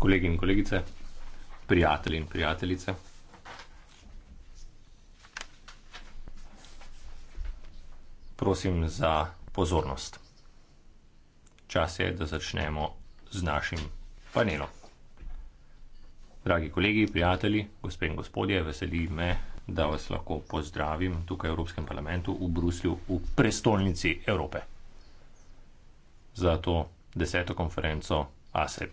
Kolegi in kolegice, prijatelji in prijateljice. Prosim za pozornost. Čas je, da začnemo z našim panelom. Dragi kolegi, prijatelji, gospe in gospodje, veseli me, da vas lahko pozdravim tukaj v Evropskem parlamentu v Bruslju, v prestolnici Evrope za to deseto konferenco ASEP.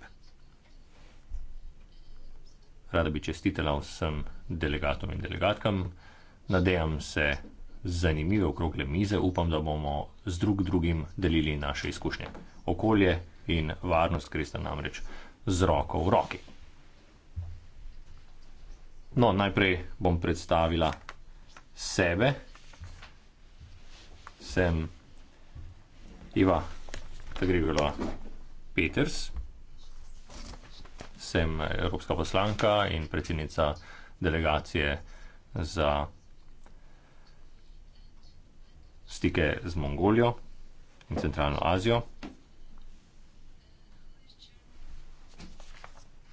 Rada bi čestitela vsem delegatom in delegatkam. Nadejam se zanimive okrogle mize, upam, da bomo z drug drugim delili naše izkušnje. Okolje in varnost gre sta namreč z roko v roki. No, najprej bom predstavila sebe. Sem Iva da gre bilo Peters, sem evropska poslanka in predsednica delegacije za stike z Mongolijo in Centralno Azijo.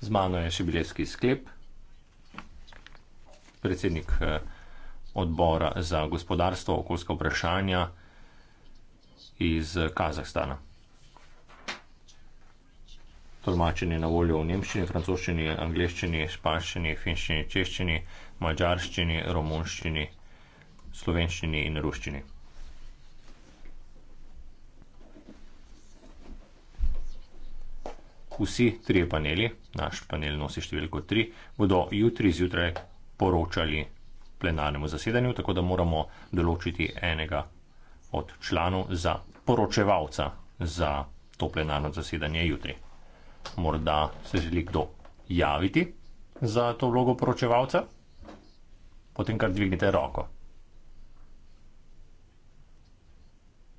Z mano je še bilevski sklep, predsednik eh, odbora za gospodarstvo, okoljska vprašanja iz Kazahstana tolmačenje na voljo v nemščini, francoščini, angliščini, španščini, finščini, češčini, mačarščini, romunščini, slovenščini in ruščini. Vsi tri paneli, naš panel nosi številko 3, bodo jutri zjutraj poročali plenarnemu zasedanju, tako da moramo določiti enega od članov za poročevalca za to plenarno zasedanje jutri morda se želi kdo javiti za to vlogo poročevalca, potem kar dvignite roko.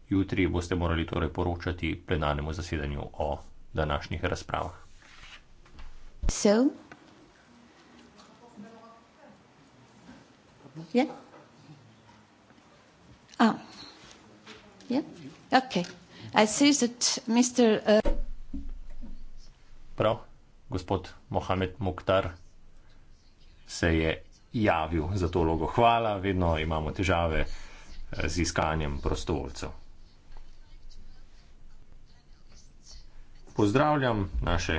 Jutri boste morali torej poročati plenarnemu zasedanju o današnjih razpravah. So? Yeah. Ja? Ah. Yeah. Ja? Okay. I see that Mr. Uh prav, gospod Mohamed Mukhtar se je javil za to logo. Hvala, vedno imamo težave eh, z iskanjem prostovoljcev. Pozdravljam naše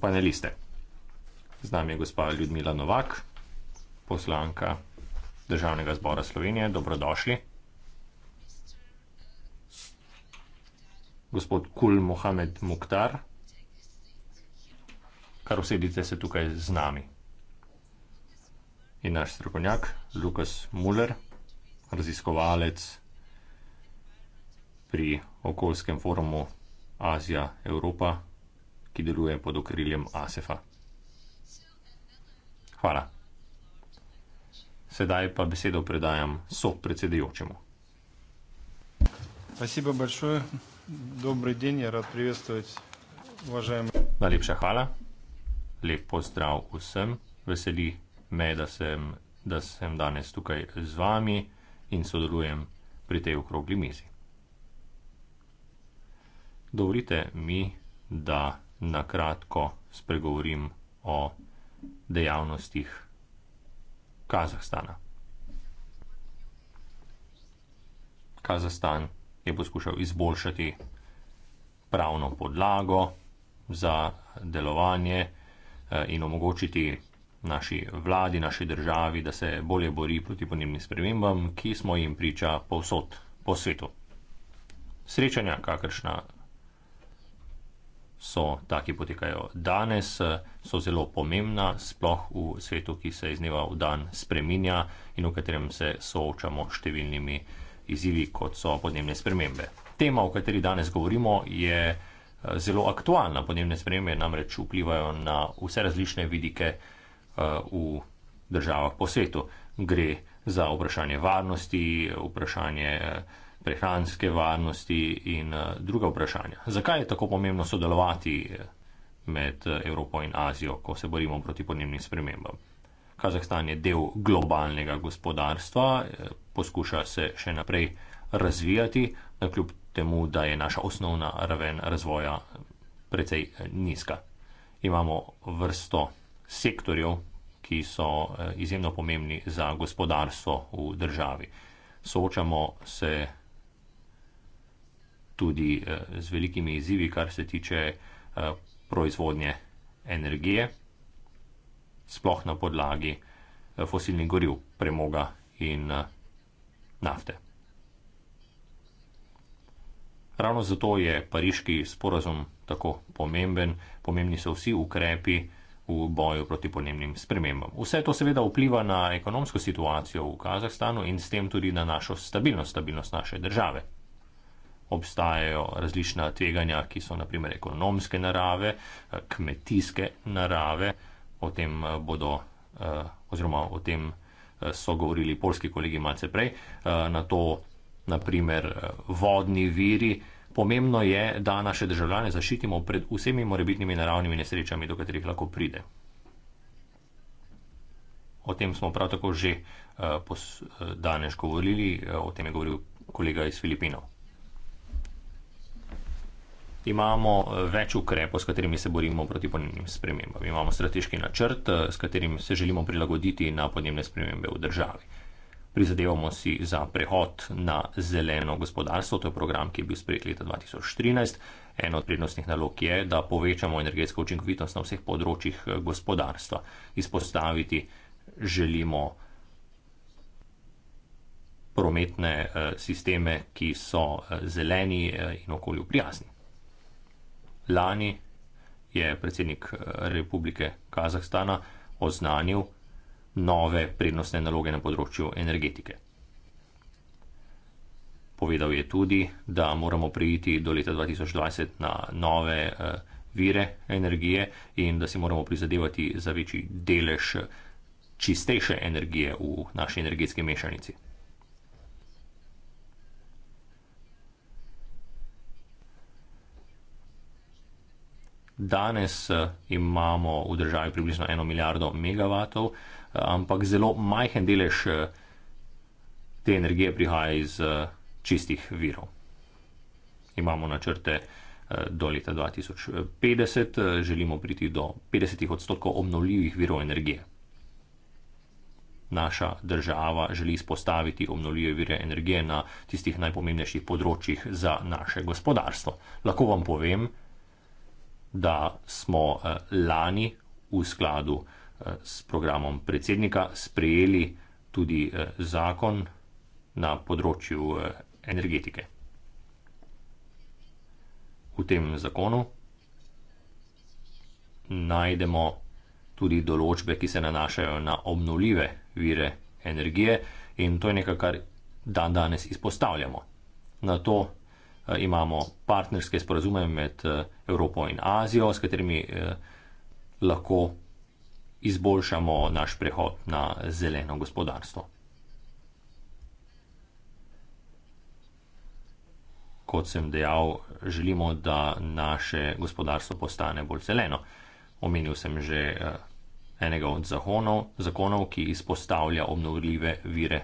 paneliste. Z nami je gospa Ljudmila Novak, poslanka Državnega zbora Slovenije. Dobrodošli. Gospod Kul Mohamed Mukhtar kar usedite se tukaj z nami. In naš strokovnjak, Lukas Muller, raziskovalec pri okoljskem forumu Azija-Evropa, ki deluje pod okriljem ASEF-a. E hvala. Sedaj pa besedo predajam sopredsedujočemu. Najlepša hvala lep pozdrav vsem. Veseli me, da sem, da sem danes tukaj z vami in sodelujem pri tej okrogli mizi. Dovolite mi, da na kratko spregovorim o dejavnostih Kazahstana. Kazahstan je poskušal izboljšati pravno podlago za delovanje, Eh, in omogočiti naši vladi, naši državi, da se bolje bori proti podnebnim spremembam, ki smo jim priča povsod po svetu. Srečanja, kakršna so ta, ki potekajo danes, eh, so zelo pomembna, sploh v svetu, ki se iz dneva v dan spreminja in v katerem se soočamo s številnimi izzivi, kot so podnebne spremembe. Tema, o kateri danes govorimo, je Eh, zelo aktualna. Podnebne spremembe namreč vplivajo na vse različne vidike eh, v državah po svetu. Gre za vprašanje varnosti, vprašanje eh, prehranske varnosti in druga vprašanja. Zakaj je tako pomembno sodelovati med Evropo in Azijo, ko se borimo proti podnebnim spremembam? Kazahstan je del globalnega gospodarstva, poskuša se še naprej razvijati, na kljub temu, da je naša osnovna raven razvoja precej eh, nizka. Imamo vrsto sektorjev, ki so eh, izjemno pomembni za gospodarstvo v državi. Soočamo se tudi eh, z velikimi izzivi, kar se tiče proizvodnje energije, sploh na podlagi fosilnih goriv, premoga in nafte. Ravno zato je pariški sporazum tako pomemben, pomembni so vsi ukrepi v boju proti podnebnim spremembam. Vse to seveda vpliva na ekonomsko situacijo v Kazahstanu in s tem tudi na našo stabilnost, stabilnost naše države. Obstajajo različna tveganja, ki so naprimer ekonomske narave, kmetijske narave, o tem eh, bodo eh, oziroma o tem eh, so govorili polski kolegi malce prej, na to naprimer eh, vodni viri. Pomembno je, da naše državljane zaščitimo pred vsemi morebitnimi naravnimi nesrečami, do katerih lahko pride. O tem smo prav tako že eh, eh, danes govorili, o tem je govoril kolega iz Filipinov. Imamo več ukrepov, s katerimi se borimo proti podnebnim spremembam. Imamo strateški načrt, s katerim se želimo prilagoditi na podnebne spremembe v državi. Prizadevamo si za prehod na zeleno gospodarstvo, to je program, ki je bil sprejet leta 2013. Eno od prednostnih nalog je, da povečamo energetsko učinkovitost na vseh področjih eh, gospodarstva. Izpostaviti želimo prometne eh, sisteme, ki so eh, zeleni in okolju prijazni. Lani je predsednik Republike Kazahstana oznanil, nove prednostne naloge na področju energetike. Povedal je tudi, da moramo prijeti do leta 2020 na nove eh, vire energije in da si moramo prizadevati za večji delež čistejše energije v naši energetski mešanici. Danes eh, imamo v državi približno eno milijardo megavatov, ampak zelo majhen delež eh, te energije prihaja iz eh, čistih virov. Imamo načrte eh, do leta 2050, želimo priti do 50 odstotkov obnovljivih virov energije. Naša država želi izpostaviti obnovljive vire energije na tistih najpomembnejših področjih za naše gospodarstvo. Lahko vam povem, da smo lani v skladu Eh, s programom predsednika sprejeli tudi eh, zakon na področju eh, energetike. V tem zakonu najdemo tudi določbe, ki se nanašajo na obnovljive vire energije in to je nekaj, kar dan danes izpostavljamo. Na to imamo partnerske sporazume med Evropo in Azijo, s katerimi lahko izboljšamo naš prehod na zeleno gospodarstvo. Kot sem dejal, želimo, da naše gospodarstvo postane bolj zeleno. Omenil sem že eh, enega od zahonov, zakonov, ki izpostavlja obnovljive vire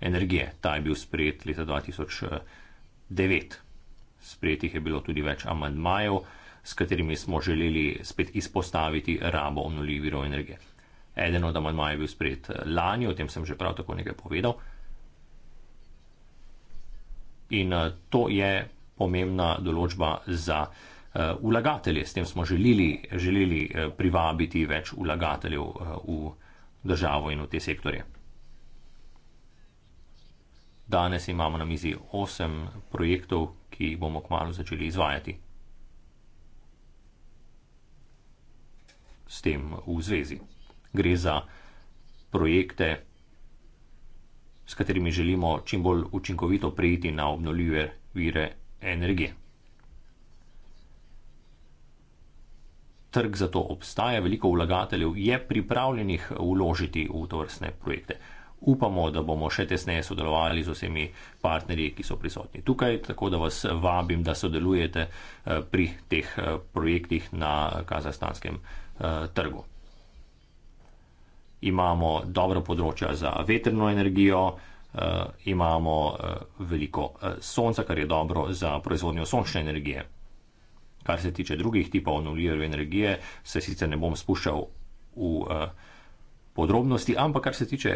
energije. Ta je bil sprejet leta 2009. Eh, Sprejetih je bilo tudi več amandmajev s katerimi smo želeli spet izpostaviti rabo obnovljivih virov energije. Eden od amandmajev je bil sprejet eh, lani, o tem sem že prav tako nekaj povedal. In eh, to je pomembna določba za eh, vlagatelje. S tem smo želeli, želeli privabiti več vlagateljev v državo in v te sektorje. Danes imamo na mizi osem projektov, ki jih bomo kmalo začeli izvajati. s tem v zvezi. Gre za projekte, s katerimi želimo čim bolj učinkovito prejiti na obnoljive vire energije. Trg za to obstaja, veliko vlagateljev je pripravljenih vložiti v to vrstne projekte. Upamo, da bomo še tesneje sodelovali z vsemi partnerji, ki so prisotni tukaj, tako da vas vabim, da sodelujete eh, pri teh eh, projektih na kazastanskem področju. Eh, trgu. Imamo dobro področje za vetrno energijo, eh, imamo eh, veliko sonca, kar je dobro za proizvodnjo sončne energije. Kar se tiče drugih tipov obnovljive energije, se sicer ne bom spuščal v podrobnosti, ampak kar se tiče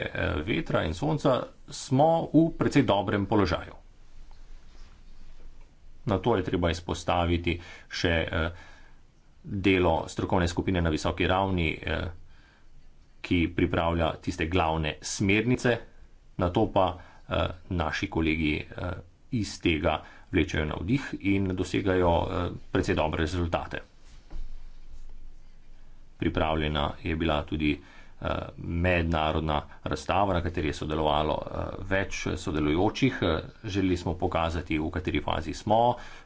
vetra in sonca, smo v precej dobrem položaju. Na to je treba izpostaviti še eh, delo strokovne skupine na visoki ravni, eh, ki pripravlja tiste glavne smernice, na to pa eh, naši kolegi eh, iz tega vlečejo na vdih in dosegajo precej dobre rezultate. Pripravljena je bila tudi mednarodna razstava, na kateri je sodelovalo eh, več sodelujočih. Eh, želeli smo pokazati, v kateri fazi smo,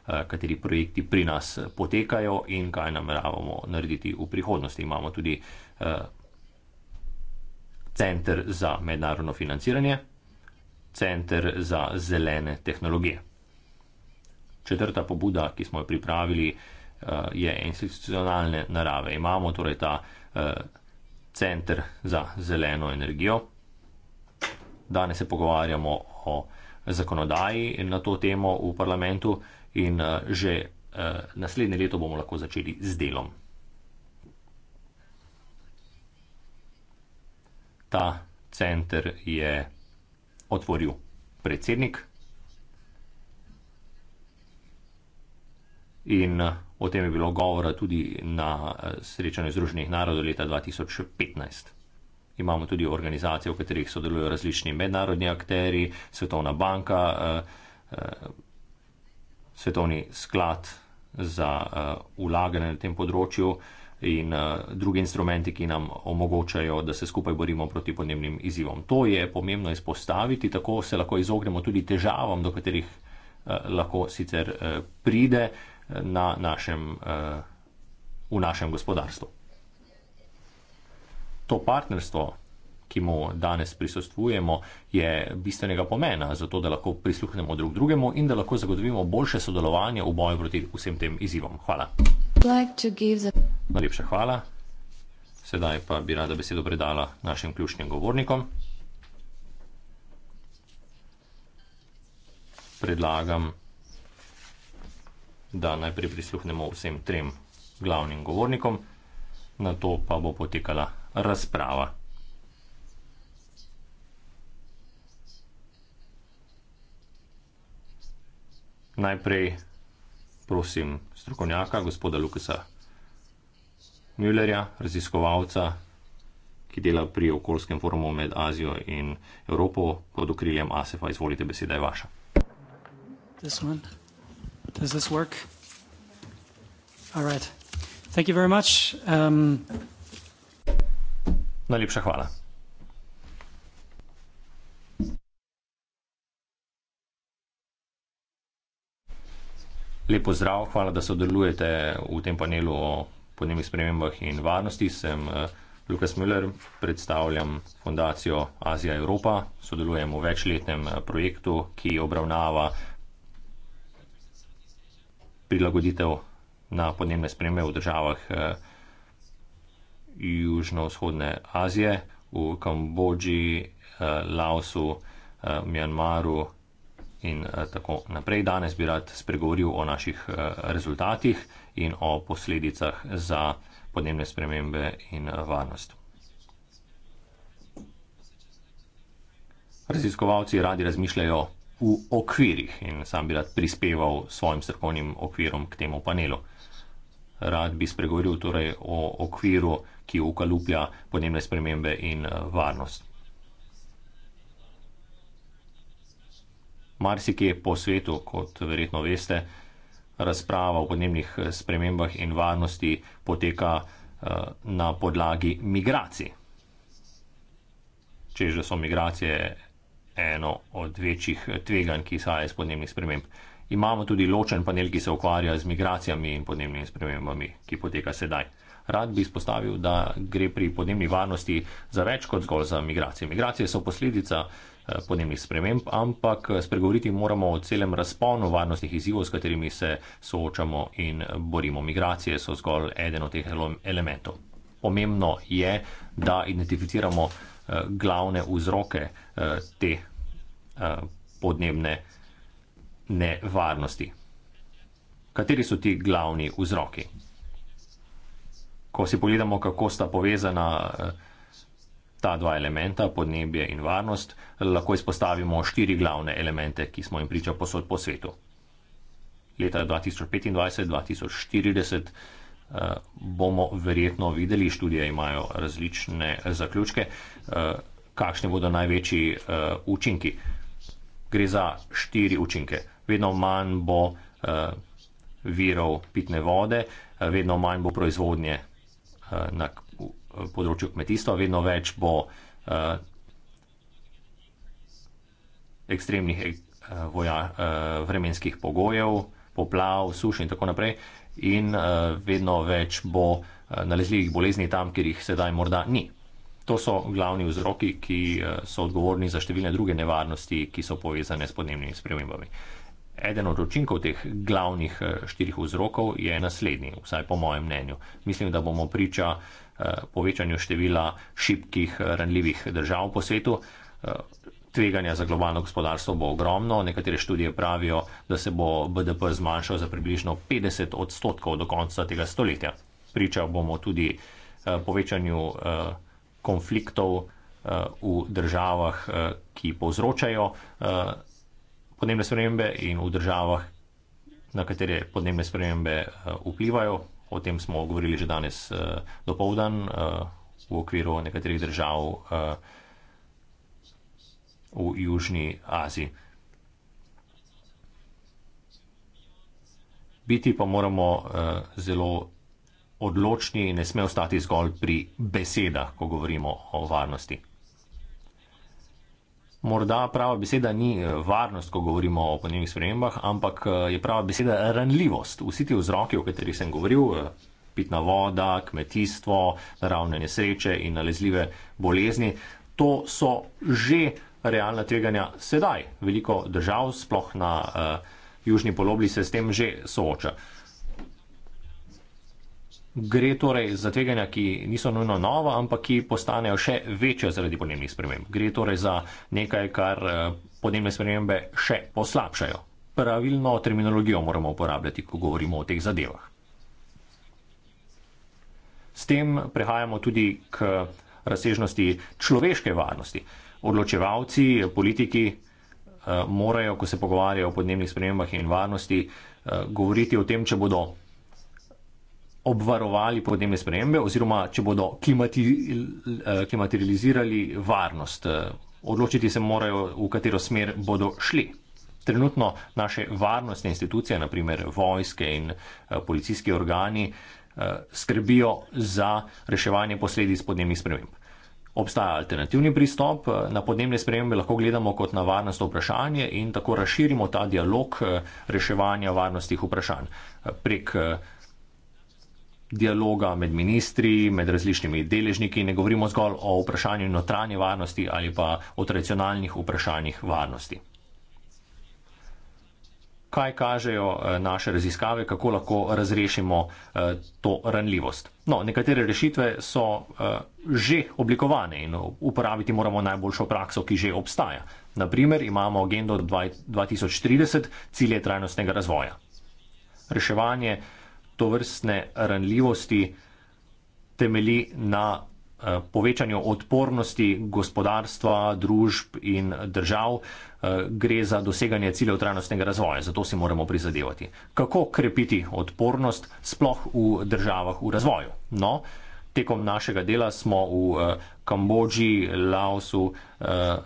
eh, kateri projekti pri nas potekajo in kaj nameravamo narediti v prihodnosti. Imamo tudi Center za mednarodno financiranje, Center za zelene tehnologije. Četrta pobuda, ki smo jo pripravili, je institucionalne narave. Imamo torej ta Center za zeleno energijo. Danes se pogovarjamo o zakonodaji na to temo v parlamentu in eh, že eh, naslednje leto bomo lahko začeli z delom. Ta center je otvoril predsednik in O tem je bilo govora tudi na eh, srečanju Združenih narodov leta 2015. Imamo tudi organizacije, v katerih sodelujo različni mednarodni akteri, Svetovna banka, eh, eh, Svetovni sklad za ulaganje na tem področju in drugi instrumenti, ki nam omogočajo, da se skupaj borimo proti podnebnim izzivom. To je pomembno izpostaviti, tako se lahko izognemo tudi težavam, do katerih lahko sicer pride na našem, eh, v našem gospodarstvu. To partnerstvo, ki mu danes prisostvujemo, je bistvenega pomena, zato da lahko prisluhnemo drug drugemu in da lahko zagotovimo boljše sodelovanje v boju proti vsem tem izzivom. Hvala. Najlepša hvala. Sedaj pa bi rada besedo predala našim ključnim govornikom. Predlagam da najprej prisluhnemo vsem trem glavnim govornikom, na to pa bo potekala razprava. Najprej prosim strokovnjaka, gospoda Lukasa Müllerja, raziskovalca, ki dela pri okoljskem forumu med Azijo in Evropo pod okriljem ASEF-a. Izvolite, beseda je vaša. This one. Does this work? All right. Thank you very much. Um... Najlepša hvala. Lepo zdrav, hvala, da sodelujete v tem panelu o podnebnih spremembah in varnosti. Sem eh, Lukas Müller, predstavljam fundacijo Azija Evropa. Sodelujem v večletnem eh, projektu, ki obravnava prilagoditev na podnebne spremembe v državah eh, Južno-vzhodne Azije, v Kambodži, eh, Laosu, eh, Mjanmaru in tako naprej. Danes bi rad spregovoril o naših rezultatih in o posledicah za podnebne spremembe in varnost. Raziskovalci radi razmišljajo v okvirih in sam bi rad prispeval svojim strokovnim okvirom k temu panelu. Rad bi spregovoril torej o okviru, ki ukalupja podnebne spremembe in eh, varnost. Marsikje po svetu, kot verjetno veste, razprava o podnebnih eh, spremembah in varnosti poteka eh, na podlagi migracij. Če že so migracije eno od večjih tveganj, ki izhaja iz podnebnih sprememb. Imamo tudi ločen panel, ki se ukvarja z migracijami in podnebnimi spremembami, ki poteka sedaj. Rad bi izpostavil, da gre pri podnebni varnosti za več kot zgolj za migracije. Migracije so posledica eh, podnebnih sprememb, ampak spregovoriti moramo o celem razponu varnostnih izzivov, s katerimi se soočamo in borimo. Migracije so zgolj eden od teh elementov. Pomembno je, da identificiramo Eh, glavne vzroke eh, te eh, podnebne nevarnosti. Kateri so ti glavni vzroki? Ko si pogledamo, kako sta povezana ta dva elementa, podnebje in varnost, lahko izpostavimo štiri glavne elemente, ki smo jim priča posod po svetu. Leta 2025-2040 Eh, bomo verjetno videli, študije imajo različne zaključke, eh, kakšni bodo največji eh, učinki. Gre za štiri učinke. Vedno manj bo virov pitne vode, vedno manj bo proizvodnje na področju kmetijstva, vedno več bo ekstremnih voja, vremenskih pogojev, poplav, suš in tako naprej in uh, vedno več bo uh, nalezljivih bolezni tam, kjer jih sedaj morda ni. To so glavni vzroki, ki eh, so odgovorni za številne druge nevarnosti, ki so povezane s podnebnimi spremembami. Eden od učinkov teh glavnih štirih vzrokov je naslednji, vsaj po mojem mnenju. Mislim, da bomo priča povečanju števila šibkih, ranljivih držav po svetu tveganja za globalno gospodarstvo bo ogromno. Nekatere študije pravijo, da se bo BDP zmanjšal za približno 50 odstotkov do konca tega stoletja. Pričal bomo tudi eh, povečanju eh, konfliktov eh, v državah, ki povzročajo podnebne spremembe in v državah, na katere podnebne spremembe vplivajo. O tem smo govorili že danes dopovdan v okviru nekaterih držav v Južni Aziji. Biti pa moramo uh, zelo odločni in ne sme ostati zgolj pri besedah, ko govorimo o varnosti. Morda prava beseda ni eh, varnost, ko govorimo o podnebnih spremembah, ampak eh, je prava beseda ranljivost. Vsi ti vzroki, o katerih sem govoril, pitna voda, kmetijstvo, naravne nesreče in nalezljive bolezni, to so že realna tveganja sedaj. Veliko držav, sploh na uh, južni polobli, se s tem že sooča. Gre torej za tveganja, ki niso nujno nova, ampak ki postanejo še večje zaradi podnebnih sprememb. Gre torej za nekaj, kar eh, podnebne spremembe še poslabšajo. Pravilno terminologijo moramo uporabljati, ko govorimo o teh zadevah. S tem prehajamo tudi k razsežnosti človeške varnosti. Uh, odločevalci, politiki eh, morajo, ko se pogovarjajo o podnebnih spremembah in varnosti, eh, govoriti o tem, če bodo obvarovali podnebne spremembe oziroma če bodo klimatirizirali eh, varnost. Odločiti se morajo, v katero smer bodo šli. Trenutno naše varnostne institucije, naprimer vojske in policijski organi, skrbijo za reševanje posledic podnebnih sprememb. Obstaja alternativni pristop, eh, na podnebne spremembe lahko gledamo kot na varnostno vprašanje in tako razširimo ta dialog eh, reševanja varnostih vprašanj eh, prek dialoga med ministri, med različnimi deležniki. Ne govorimo zgolj o vprašanju notranje varnosti ali pa o tradicionalnih vprašanjih varnosti kaj kažejo eh, naše raziskave, kako lahko razrešimo eh, to ranljivost. No, nekatere rešitve so eh, že oblikovane in uporabiti moramo najboljšo prakso, ki že obstaja. Naprimer, imamo agendo 2030, cilje trajnostnega razvoja. Reševanje to vrstne ranljivosti temelji na Eh, povečanju odpornosti gospodarstva, družb in držav, eh, gre za doseganje ciljev trajnostnega razvoja. Zato si moramo prizadevati, kako krepiti odpornost sploh v državah v razvoju. No, tekom našega dela smo v eh, Kambodži, Laosu,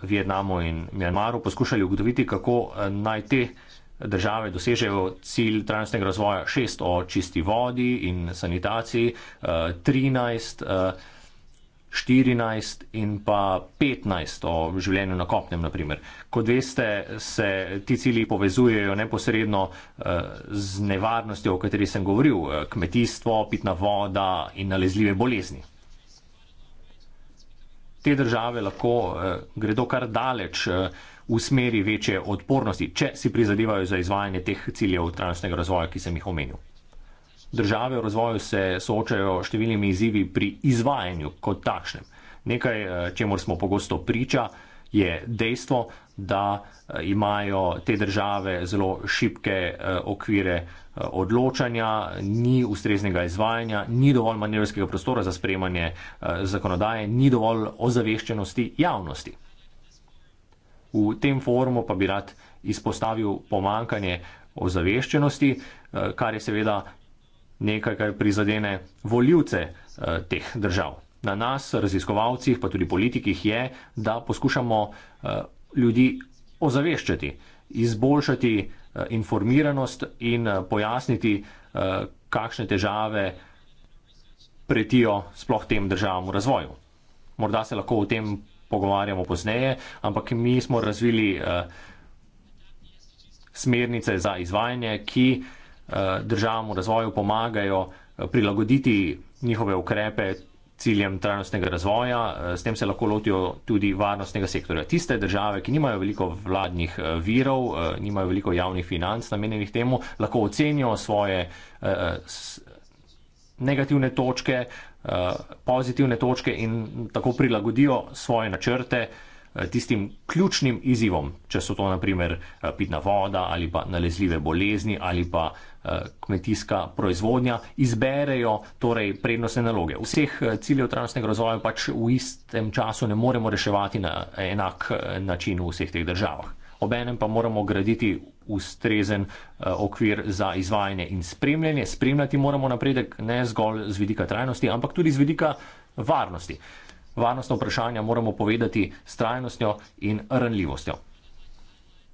Vietnamu in Mjanmaru poskušali ugotoviti, kako naj te države dosežejo cilj trajnostnega razvoja 6 o čisti vodi in sanitaciji, 13 14 in pa 15 o življenju na kopnem, naprimer. Kot veste, se ti cilji povezujejo neposredno eh, z nevarnostjo, o kateri sem govoril, eh, kmetijstvo, pitna voda in nalezljive bolezni. Te države lahko eh, gredo kar daleč v smeri večje odpornosti, če si prizadevajo za izvajanje teh ciljev trajnostnega razvoja, ki sem jih omenil države v razvoju se soočajo številnimi izzivi pri izvajanju kot takšnem. Nekaj, eh, čemor smo pogosto priča, je dejstvo, da eh, imajo te države zelo šibke eh, okvire odločanja, ni ustreznega izvajanja, ni dovolj manjerskega prostora za sprejemanje zakonodaje, ni dovolj ozaveščenosti javnosti. V tem forumu pa bi rad izpostavil pomankanje ozaveščenosti, kar je seveda nekaj, kar prizadene voljivce eh, teh držav. Na nas, raziskovalcih, pa tudi politikih je, da poskušamo eh, ljudi ozaveščati, izboljšati eh, informiranost in pojasniti, kakšne težave pretijo sploh tem državam v razvoju. Morda se lahko o tem pogovarjamo pozneje, ampak mi smo razvili uh, smernice za izvajanje, ki uh, Eh, državam v razvoju pomagajo eh, prilagoditi njihove ukrepe ciljem trajnostnega razvoja, eh, s tem se lahko lotijo tudi varnostnega sektorja. Tiste države, ki nimajo veliko vladnih virov, nimajo veliko javnih financ namenjenih temu, lahko ocenijo svoje negativne točke, pozitivne točke in tako prilagodijo svoje načrte, Eh, tistim ključnim izzivom, če so to naprimer eh, pitna voda ali pa nalezljive bolezni ali pa eh, kmetijska proizvodnja, izberejo torej prednostne naloge. Vseh ciljev trajnostnega razvoja pač v istem času ne moremo reševati na enak način v vseh teh državah. Obenem pa moramo graditi ustrezen okvir za izvajanje in spremljanje. Spremljati moramo napredek ne zgolj z vidika trajnosti, ampak tudi z vidika varnosti varnostno vprašanje moramo povedati s trajnostjo in rnljivostjo.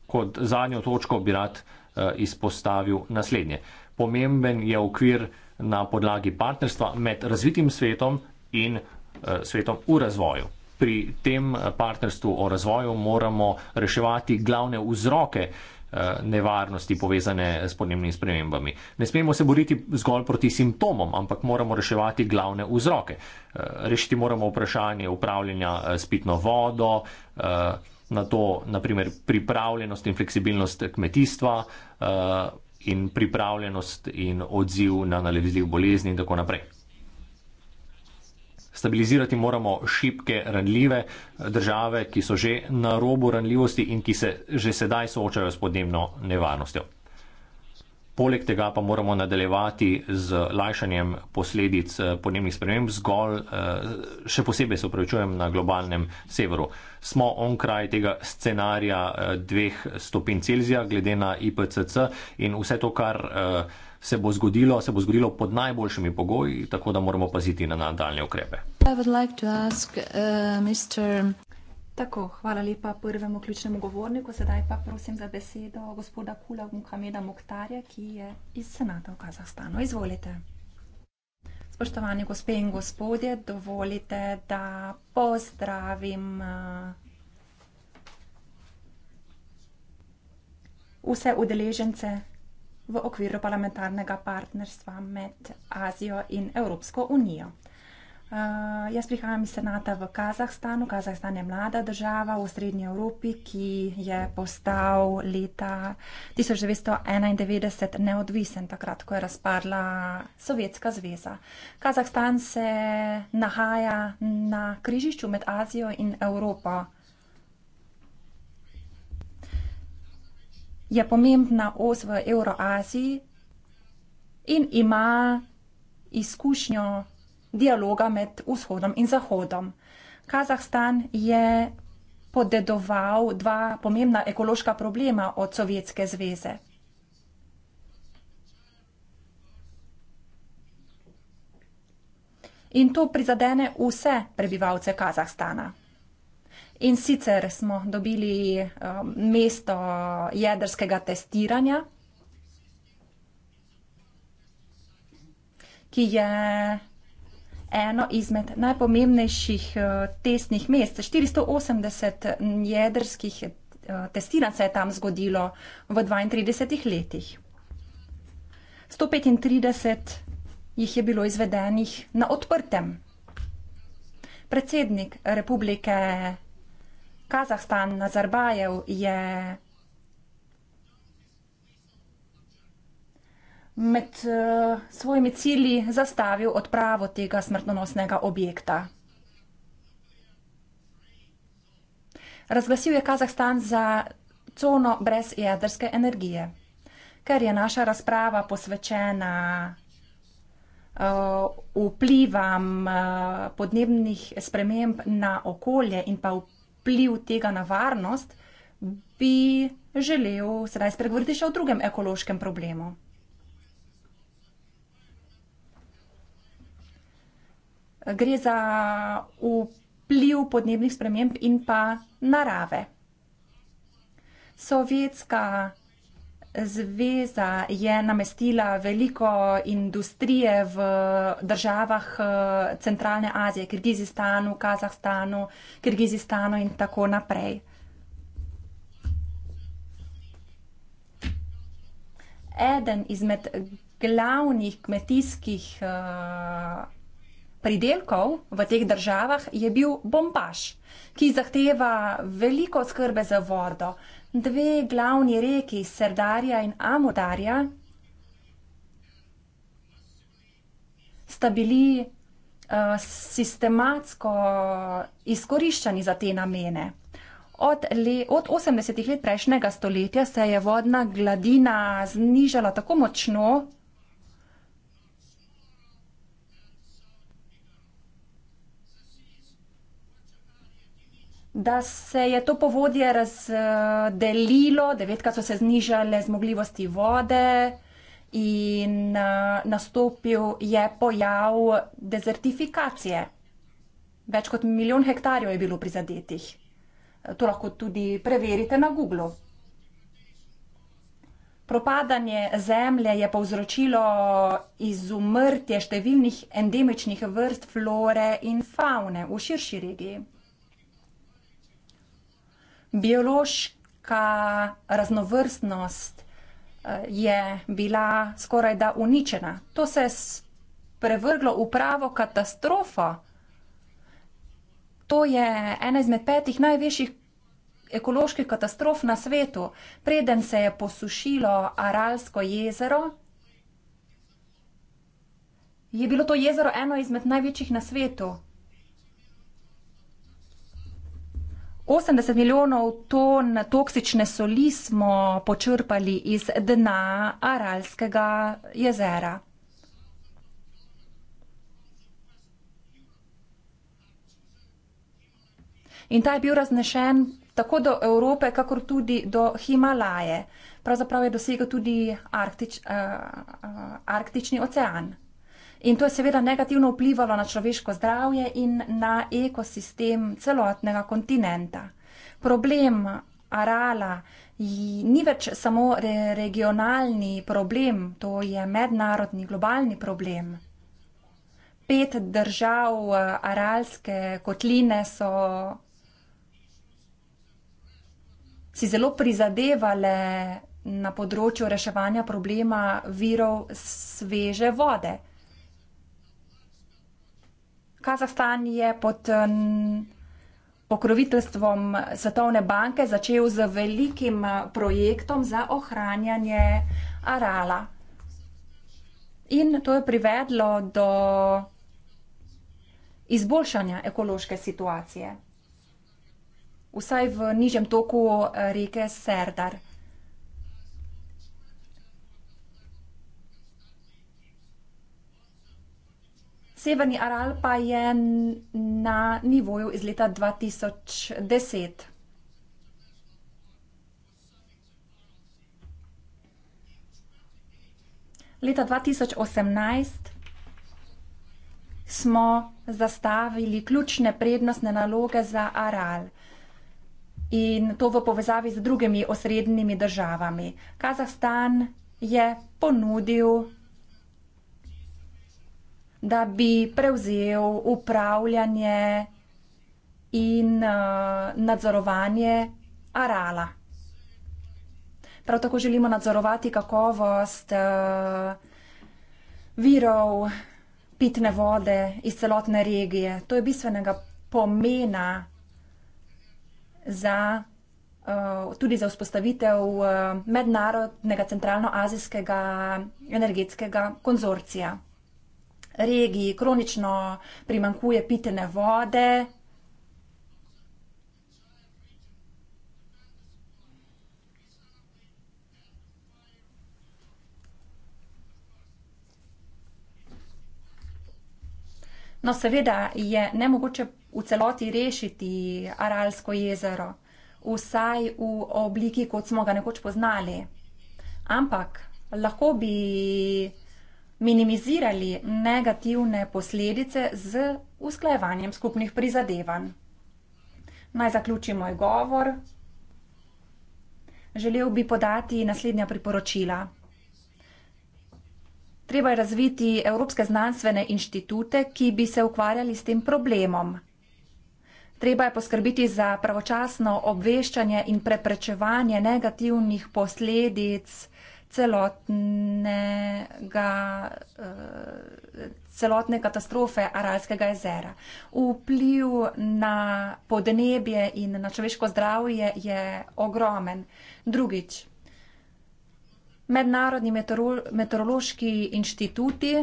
Kot zadnjo točko bi rad eh, izpostavil naslednje. Pomemben je okvir na podlagi partnerstva med razvitim svetom in eh, svetom v razvoju. Pri tem eh, partnerstvu o razvoju moramo reševati glavne vzroke, Eh, nevarnosti povezane s podnebnimi spremembami. Ne smemo se boriti zgolj proti simptomom, ampak moramo reševati glavne vzroke. Eh, rešiti moramo vprašanje upravljanja eh, s pitno vodo, na to naprimer pripravljenost in fleksibilnost kmetijstva in pripravljenost in odziv na nalezljiv bolezni in tako naprej stabilizirati moramo šibke, ranljive eh, države, ki so že na robu ranljivosti in ki se že sedaj soočajo s podnebno nevarnostjo. Poleg tega pa moramo nadaljevati z lajšanjem posledic eh, podnebnih sprememb zgolj, eh, še posebej se upravičujem, na globalnem severu. Smo on kraj tega scenarija dveh stopinj Celzija glede na IPCC in vse to, kar se bo zgodilo, se bo zgodilo pod najboljšimi pogoji, tako da moramo paziti na nadaljne ukrepe. Like ask, uh, Mr... tako, hvala lepa prvemu ključnemu govorniku, sedaj pa prosim za besedo gospoda Kula Mukameda Moktarja, ki je iz Senata v Kazahstanu. Izvolite. Spoštovani gospe in gospodje, dovolite, da pozdravim uh, vse udeležence v okviru parlamentarnega partnerstva med Azijo in Evropsko unijo. Uh, jaz prihajam iz senata v Kazahstanu. Kazahstan je mlada država v srednji Evropi, ki je postal leta 1991 neodvisen, takrat, ko je razpadla Sovjetska zveza. Kazahstan se nahaja na križišču med Azijo in Evropo. je pomembna os v Euroaziji in ima izkušnjo dialoga med vzhodom in zahodom. Kazahstan je podedoval dva pomembna ekološka problema od Sovjetske zveze. In to prizadene vse prebivalce Kazahstana. In sicer smo dobili um, mesto jedrskega testiranja, ki je eno izmed najpomembnejših uh, testnih mest. 480 jedrskih uh, testiranj se je tam zgodilo v 32 letih. 135 jih je bilo izvedenih na odprtem. Predsednik republike Kazahstan, Nazarbajev je med eh, svojimi cilji zastavil odpravo tega smrtonosnega objekta. Razglasil je Kazahstan za cono brez jedrske energije. Ker je naša razprava posvečena eh, vplivam eh, podnebnih sprememb na okolje in pa vplivam vpliv tega na varnost, bi želel sedaj spregovoriti še o drugem ekološkem problemu. Gre za vpliv podnebnih sprememb in pa narave. Sovjetska Zveza je namestila veliko industrije v državah eh, centralne Azije, Kyrgyzstanu, Kazahstanu, Kyrgyzstanu in tako naprej. Eden izmed glavnih kmetijskih eh, pridelkov v teh državah je bil bombaž, ki zahteva veliko skrbe za vodo dve glavni reki Serdarja in Amodarja sta bili eh, sistematsko izkoriščani za te namene. Od, le, od 80-ih let prejšnjega stoletja se je vodna gladina znižala tako močno, da se je to povodje razdelilo, devetkrat so se znižale zmogljivosti vode in nastopil je pojav dezertifikacije. Več kot milijon hektarjev je bilo prizadetih. To lahko tudi preverite na Google. Propadanje zemlje je povzročilo izumrtje številnih endemičnih vrst flore in faune v širši regiji biološka raznovrstnost eh, je bila skoraj da uničena. To se je prevrglo v pravo katastrofo. To je ena izmed petih največjih ekoloških katastrof na svetu. Preden se je posušilo Aralsko jezero, je bilo to jezero eno izmed največjih na svetu. 80 milijonov ton toksične soli smo počrpali iz dna Aralskega jezera. In ta je bil raznešen tako do Evrope, kakor tudi do Himalaje. Pravzaprav je dosegel tudi Arktič, uh, uh, Arktični ocean. In to je seveda negativno vplivalo na človeško zdravje in na ekosistem celotnega kontinenta. Problem Arala ni več samo re regionalni problem, to je mednarodni globalni problem. Pet držav eh, Aralske kotline so si zelo prizadevale na področju reševanja problema virov sveže vode. Kazahstan je pod um, pokroviteljstvom Svetovne banke začel z velikim projektom za ohranjanje arala. In to je privedlo do izboljšanja ekološke situacije, vsaj v nižjem toku eh, reke Serdar. Severni Aral pa je na nivoju iz leta 2010. Leta 2018 smo zastavili ključne prednostne naloge za Aral in to v povezavi z drugimi osrednjimi državami. Kazahstan je ponudil da bi prevzel upravljanje in uh, nadzorovanje arala. Prav tako želimo nadzorovati kakovost uh, virov pitne vode iz celotne regije. To je bistvenega pomena za, uh, tudi za vzpostavitev uh, mednarodnega centralno-azijskega energetskega konzorcija regiji kronično primankuje pitene vode. No, seveda je nemogoče v celoti rešiti Aralsko jezero, vsaj v obliki, kot smo ga nekoč poznali. Ampak lahko bi minimizirali negativne posledice z usklajevanjem skupnih prizadevanj. Naj zaključim moj govor. Želel bi podati naslednja priporočila. Treba je razviti evropske znanstvene inštitute, ki bi se ukvarjali s tem problemom. Treba je poskrbiti za pravočasno obveščanje in preprečevanje negativnih posledic celotnega, eh, celotne katastrofe Aralskega jezera. Vpliv na podnebje in na človeško zdravje je ogromen. Drugič, mednarodni meteorolo meteorološki inštituti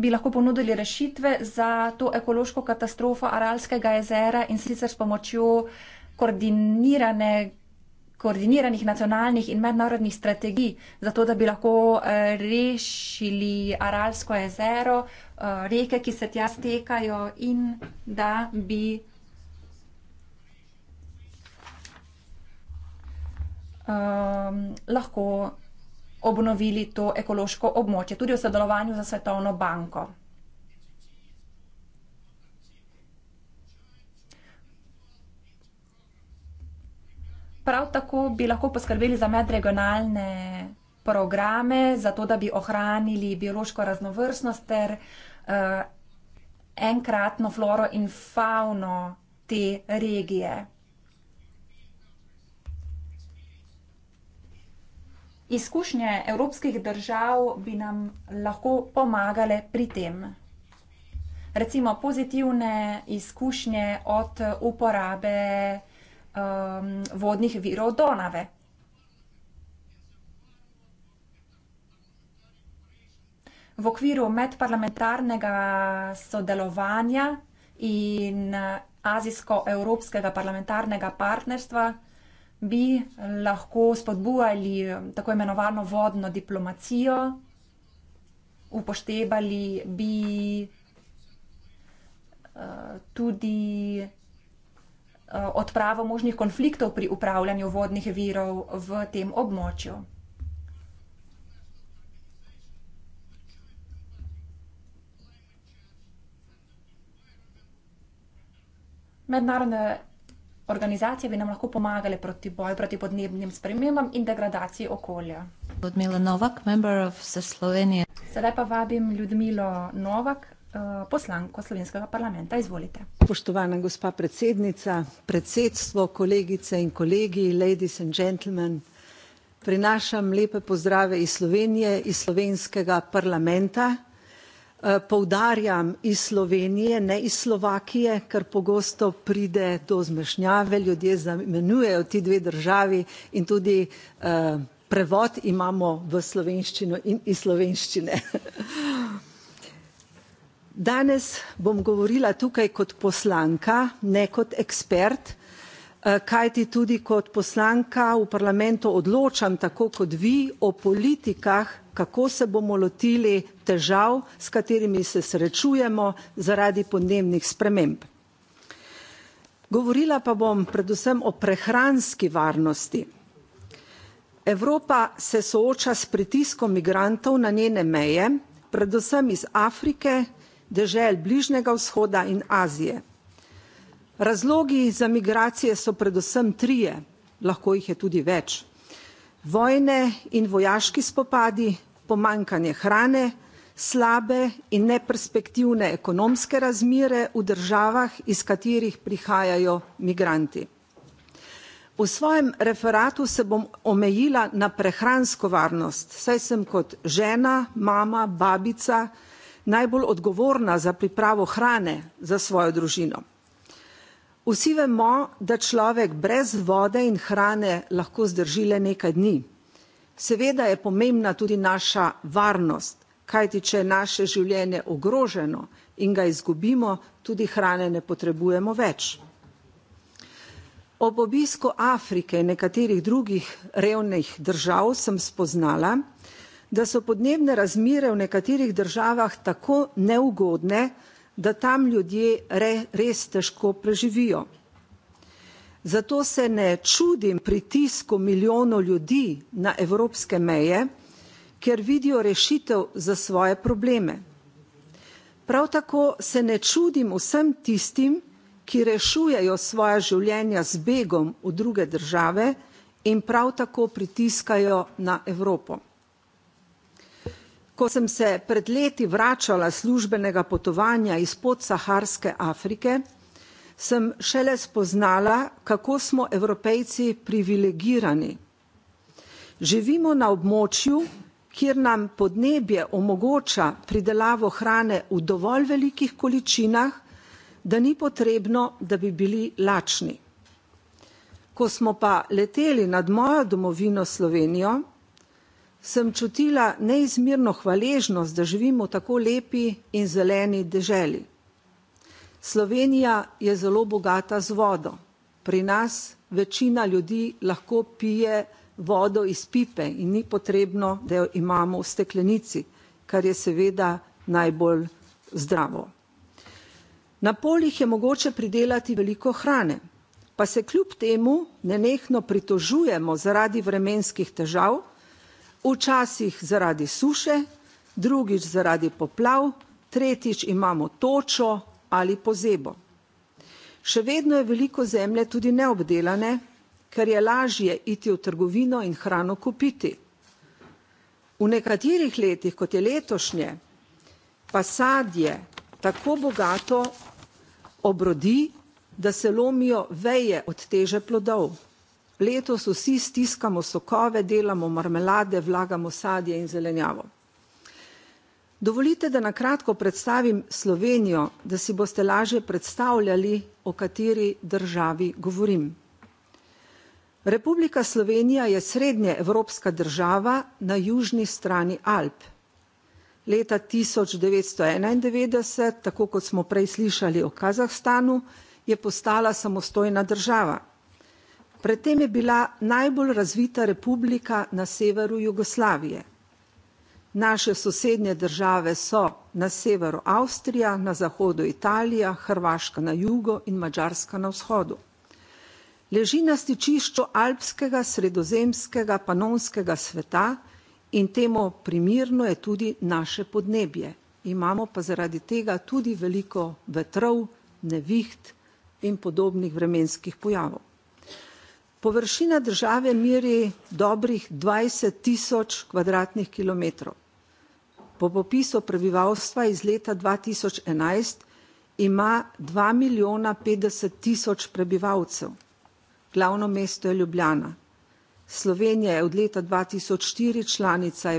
bi lahko ponudili rešitve za to ekološko katastrofo Aralskega jezera in sicer s pomočjo koordiniranega koordiniranih nacionalnih in mednarodnih strategij, zato da bi lahko eh, rešili Aralsko jezero, eh, reke, ki se tja stekajo in da bi um, lahko obnovili to ekološko območje, tudi v sodelovanju za Svetovno banko. Prav tako bi lahko poskrbeli za medregionalne programe, zato da bi ohranili biološko raznovrstnost ter uh, enkratno floro in fauno te regije. Izkušnje evropskih držav bi nam lahko pomagale pri tem. Recimo pozitivne izkušnje od uporabe um, vodnih virov Donave. V okviru medparlamentarnega sodelovanja in uh, azijsko-evropskega parlamentarnega partnerstva bi lahko spodbujali um, tako imenovano vodno diplomacijo, upoštevali bi uh, tudi Eh, odpravo možnih konfliktov pri upravljanju vodnih virov v tem območju. Mednarodne organizacije bi nam lahko pomagale proti boju proti podnebnim spremembam in degradaciji okolja. Ljudmila Novak, member of the Slovenia. Sedaj pa vabim Ljudmilo Novak, Eh, poslanko slovenskega parlamenta. Izvolite. Poštovana gospa predsednica, predsedstvo, kolegice in kolegi, ladies and gentlemen, prinašam lepe pozdrave iz Slovenije, iz slovenskega parlamenta. Eh, poudarjam iz Slovenije, ne iz Slovakije, ker pogosto pride do zmešnjave, ljudje zamenjujejo ti dve državi in tudi eh, prevod imamo v slovenščino in iz slovenščine. Danes bom govorila tukaj kot poslanka, ne kot ekspert, eh, kajti tudi kot poslanka v parlamentu odločam tako kot vi o politikah, kako se bomo lotili težav, s katerimi se srečujemo zaradi podnebnih sprememb. Govorila pa bom predvsem o prehranski varnosti. Evropa se sooča s pritiskom migrantov na njene meje, predvsem iz Afrike, dežel Bližnjega vzhoda in Azije. Razlogi za migracije so predvsem trije, lahko jih je tudi več. Vojne in vojaški spopadi, pomankanje hrane, slabe in neperspektivne ekonomske razmire v državah, iz katerih prihajajo migranti. V svojem referatu se bom omejila na prehransko varnost, saj sem kot žena, mama, babica najbolj odgovorna za pripravo hrane za svojo družino. Vsi vemo, da človek brez vode in hrane lahko zdrži le nekaj dni. Seveda je pomembna tudi naša varnost, kajti če je naše življenje ogroženo in ga izgubimo, tudi hrane ne potrebujemo več. Ob obisku Afrike in nekaterih drugih revnih držav sem spoznala, da so podnebne razmere v nekaterih državah tako neugodne, da tam ljudje re, res težko preživijo. Zato se ne čudim pritisku milijonov ljudi na evropske meje, ker vidijo rešitev za svoje probleme. Prav tako se ne čudim vsem tistim, ki rešujejo svoja življenja z begom v druge države in prav tako pritiskajo na Evropo. Ko sem se pred leti vračala službenega potovanja iz podsaharske Afrike, sem šele spoznala, kako smo Evropejci privilegirani. Živimo na območju, kjer nam podnebje omogoča pridelavo hrane v dovolj velikih količinah, da ni potrebno, da bi bili lačni. Ko smo pa leteli nad mojo domovino Slovenijo, sem čutila neizmerno hvaležnost, da živimo v tako lepi in zeleni deželi. Slovenija je zelo bogata z vodo. Pri nas večina ljudi lahko pije vodo iz pipe in ni potrebno, da jo imamo v steklenici, kar je seveda najbolj zdravo. Na poljih je mogoče pridelati veliko hrane, pa se kljub temu nenehno pritožujemo zaradi vremenskih težav, včasih zaradi suše, drugič zaradi poplav, tretjič imamo točo ali pozebo. Še vedno je veliko zemlje tudi neobdelane, ker je lažje iti v trgovino in hrano kupiti. V nekaterih letih, kot je letošnje, pa sadje tako bogato obrodi, da se lomijo veje od teže plodov. Letos vsi stiskamo sokove, delamo marmelade, vlagamo sadje in zelenjavo. Dovolite, da na kratko predstavim Slovenijo, da si boste lažje predstavljali, o kateri državi govorim. Republika Slovenija je srednje evropska država na južni strani Alp. Leta 1991, tako kot smo prej slišali o Kazahstanu, je postala samostojna država. Pred tem je bila najbolj razvita republika na severu Jugoslavije. Naše sosednje države so na severu Avstrija, na zahodu Italija, Hrvaška na jugu in Mačarska na vzhodu. Leži na stičišču alpskega, sredozemskega, panonskega sveta in temu primirno je tudi naše podnebje. Imamo pa zaradi tega tudi veliko vetrov, neviht in podobnih vremenskih pojavov. Površina države meri dobrih 20 tisoč kvadratnih kilometrov. Po popisu prebivalstva iz leta 2011 ima 2 milijona 50 tisoč prebivalcev. Glavno mesto je Ljubljana. Slovenija je od leta 2004 članica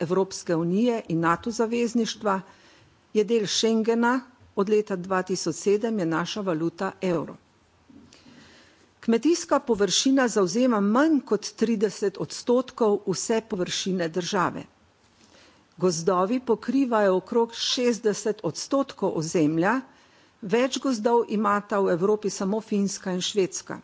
Evropske unije in NATO zavezništva, je del Schengena, od leta 2007 je naša valuta evro. Kmetijska površina zauzema manj kot 30 odstotkov vse površine države. Gozdovi pokrivajo okrog 60 odstotkov ozemlja, več gozdov imata v Evropi samo Finska in Švedska.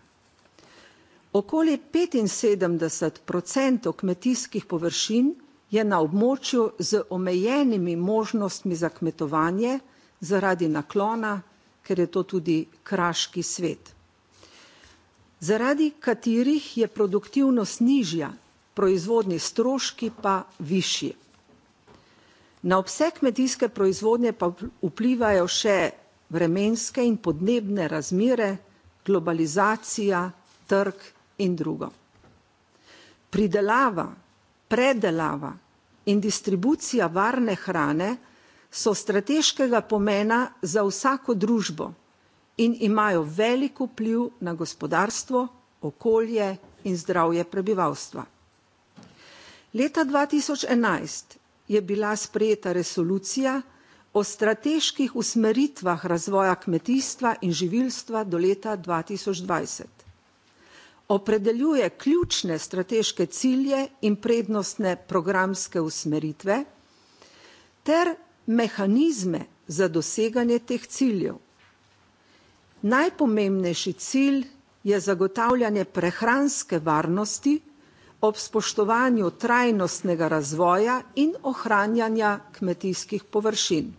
Okoli 75 odstotkov kmetijskih površin je na območju z omejenimi možnostmi za kmetovanje zaradi naklona, ker je to tudi kraški svet zaradi katerih je produktivnost nižja, proizvodni stroški pa višji. Na obseg kmetijske proizvodnje pa vplivajo še vremenske in podnebne razmere, globalizacija, trg in drugo. Pridelava, predelava in distribucija varne hrane so strateškega pomena za vsako družbo in imajo velik vpliv na gospodarstvo, okolje in zdravje prebivalstva. Leta 2011 je bila sprejeta resolucija o strateških usmeritvah razvoja kmetijstva in živilstva do leta 2020. Opredeljuje ključne strateške cilje in prednostne programske usmeritve ter mehanizme za doseganje teh ciljev. Najpomembnejši cilj je zagotavljanje prehranske varnosti ob spoštovanju trajnostnega razvoja in ohranjanja kmetijskih površin.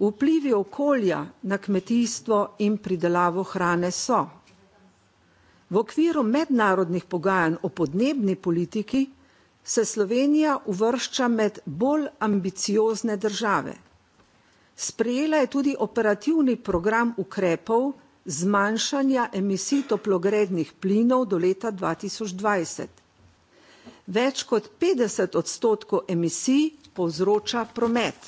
Vplivi okolja na kmetijstvo in pridelavo hrane so: v okviru mednarodnih pogajanj o podnebni politiki se Slovenija uvršča med bolj ambiciozne države sprejela je tudi operativni program ukrepov zmanjšanja emisij toplogrednih plinov do leta dva tisoč dvajset. Več kot petdeset odstotkov emisij povzroča promet,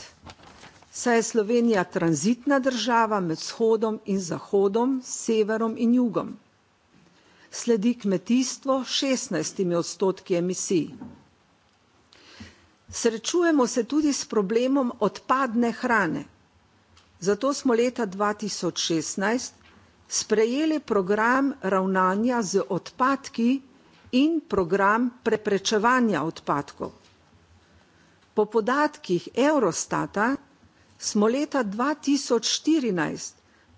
saj je Slovenija tranzitna država med vzhodom in zahodom, severom in jugom. Sledi kmetijstvo s šestnajstimi odstotki emisij. Srečujemo se tudi s problemom odpadne hrane. Zato smo leta 2016 sprejeli program ravnanja z odpadki in program preprečevanja odpadkov. Po podatkih Eurostata smo leta 2014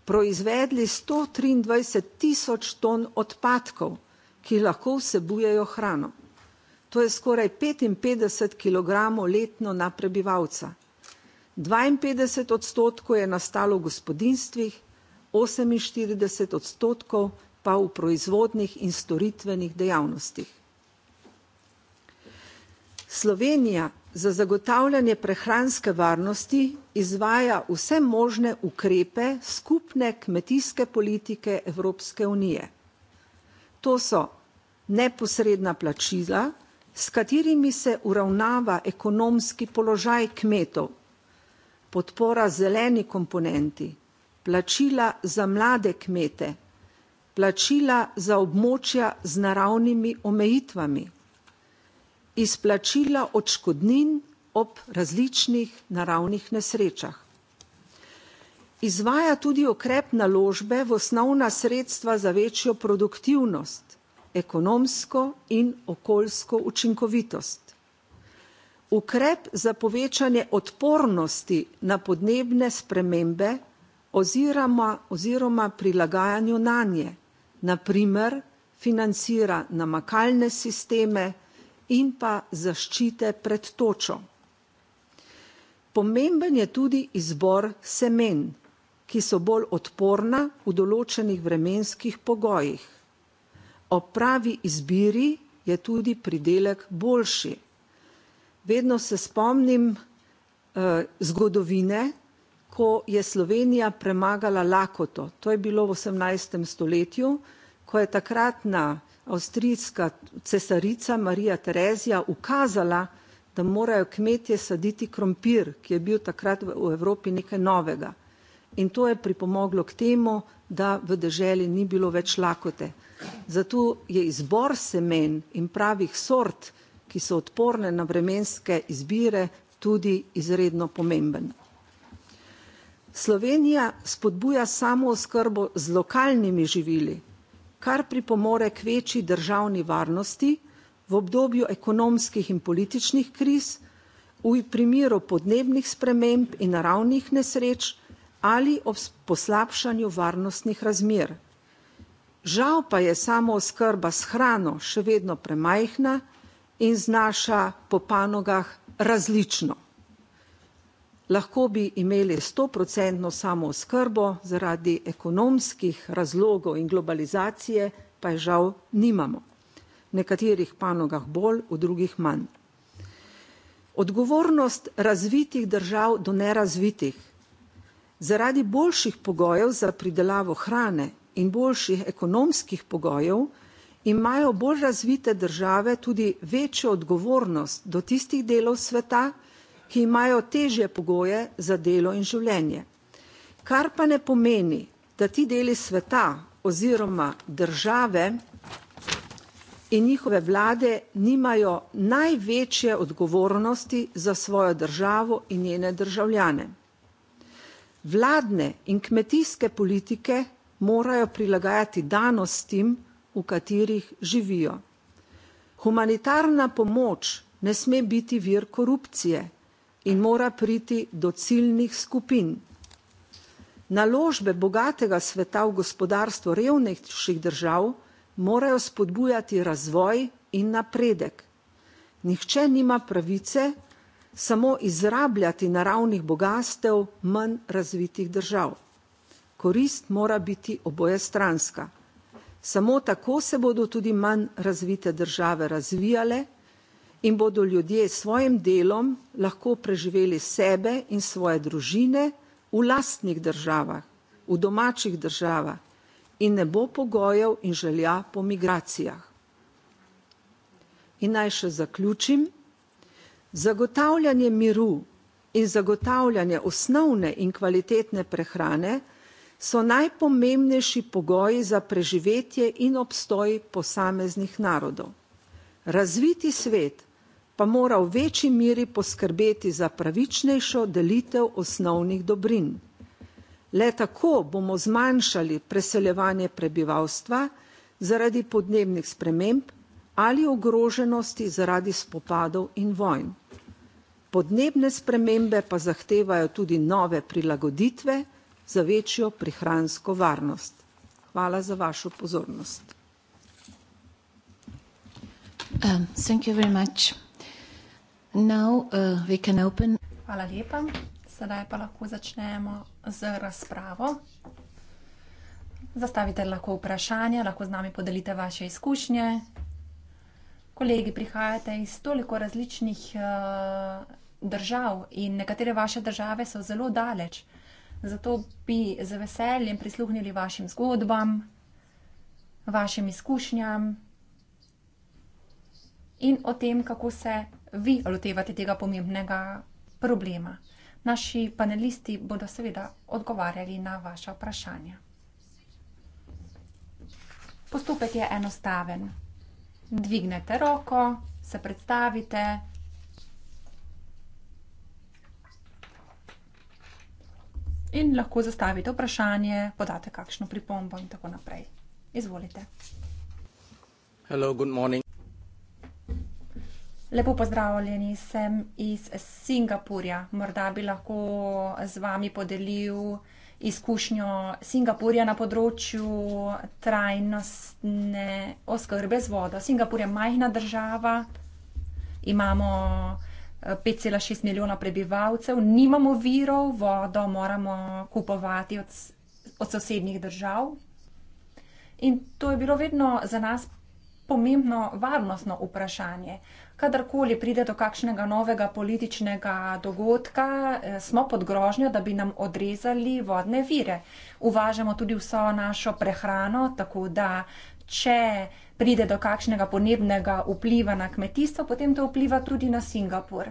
proizvedli 123 tisoč ton odpadkov, ki lahko vsebujejo hrano. To je skoraj 55 kilogramov letno na prebivalca. 52 odstotkov je nastalo v gospodinstvih, 48 odstotkov pa v proizvodnih in storitvenih dejavnostih. Slovenija za zagotavljanje prehranske varnosti izvaja vse možne ukrepe skupne kmetijske politike Evropske unije. To so neposredna plačila, s katerimi se uravnava ekonomski položaj kmetov, podpora zeleni komponenti, plačila za mlade kmete, plačila za območja z naravnimi omejitvami, izplačila odškodnin ob različnih naravnih nesrečah. Izvaja tudi okrep naložbe v osnovna sredstva za večjo produktivnost, ekonomsko in okoljsko učinkovitost ukrep za povečanje odpornosti na podnebne spremembe oziroma, oziroma prilagajanju nanje, na primer financira namakalne sisteme in pa zaščite pred točo. Pomemben je tudi izbor semen, ki so bolj odporna v določenih vremenskih pogojih. Ob pravi izbiri je tudi pridelek boljši vedno se spomnim eh, zgodovine, ko je Slovenija premagala lakoto. To je bilo v 18. stoletju, ko je takratna avstrijska cesarica Marija Terezija ukazala, da morajo kmetje saditi krompir, ki je bil takrat v Evropi nekaj novega. In to je pripomoglo k temu, da v deželi ni bilo več lakote. Zato je izbor semen in pravih sort vsega, ki so odporne na vremenske izbire, tudi izredno pomemben. Slovenija spodbuja samo oskrbo z lokalnimi živili, kar pripomore k večji državni varnosti v obdobju ekonomskih in političnih kriz, v primeru podnebnih sprememb in naravnih nesreč ali ob poslabšanju varnostnih razmer. Žal pa je samo oskrba s hrano še vedno premajhna in znaša po panogah različno. Lahko bi imeli stoprocentno samooskrbo, zaradi ekonomskih razlogov in globalizacije pa je žal nimamo. V nekaterih panogah bolj, v drugih manj. Odgovornost razvitih držav do nerazvitih. Zaradi boljših pogojev za pridelavo hrane in boljših ekonomskih pogojev imajo bolj razvite države tudi večjo odgovornost do tistih delov sveta, ki imajo težje pogoje za delo in življenje. Kar pa ne pomeni, da ti deli sveta oziroma države in njihove vlade nimajo največje odgovornosti za svojo državo in njene državljane. Vladne in kmetijske politike morajo prilagajati danostim v katerih živijo. Humanitarna pomoč ne sme biti vir korupcije in mora priti do ciljnih skupin. Naložbe bogatega sveta v gospodarstvo revnejših držav morajo spodbujati razvoj in napredek. Nihče nima pravice samo izrabljati naravnih bogastev manj razvitih držav. Korist mora biti obojestranska. Samo tako se bodo tudi manj razvite države razvijale in bodo ljudje s svojim delom lahko preživeli sebe in svoje družine v lastnih državah, v domačih državah in ne bo pogojev in želja po migracijah. In naj še zaključim. Zagotavljanje miru in zagotavljanje osnovne in kvalitetne prehrane so najpomembnejši pogoji za preživetje in obstoj posameznih narodov. Razviti svet pa mora v večji meri poskrbeti za pravičnejšo delitev osnovnih dobrin. Le tako bomo zmanjšali preseljevanje prebivalstva zaradi podnebnih sprememb ali ogroženosti zaradi spopadov in vojn. Podnebne spremembe pa zahtevajo tudi nove prilagoditve za večjo prihransko varnost. Hvala za vašo pozornost. Um, thank you very much. Now, uh, we can open. Hvala lepa. Sedaj pa lahko začnemo z razpravo. Zastavite lahko vprašanje, lahko z nami podelite vaše izkušnje. Kolegi prihajate iz toliko različnih uh, držav in nekatere vaše države so zelo daleč. Zato bi z veseljem prisluhnili vašim zgodbam, vašim izkušnjam in o tem, kako se vi lotevate tega pomembnega problema. Naši panelisti bodo seveda odgovarjali na vaše vprašanje. Postopek je enostaven. Dvignete roko, se predstavite, in lahko zastavite vprašanje, podate kakšno pripombo in tako naprej. Izvolite. Hello, good morning. Lepo pozdravljeni, sem iz Singapurja. Morda bi lahko z vami podelil izkušnjo Singapurja na področju trajnostne oskrbe z vodo. Singapur je majhna država, imamo 5,6 milijona prebivalcev, nimamo virov, vodo moramo kupovati od, od sosednjih držav. In to je bilo vedno za nas pomembno varnostno vprašanje. Kadarkoli pride do kakšnega novega političnega dogodka, eh, smo pod grožnjo, da bi nam odrezali vodne vire. Uvažamo tudi vso našo prehrano, tako da uh, če pride do kakšnega podnebnega vpliva na kmetijstvo, potem to vpliva tudi na Singapur.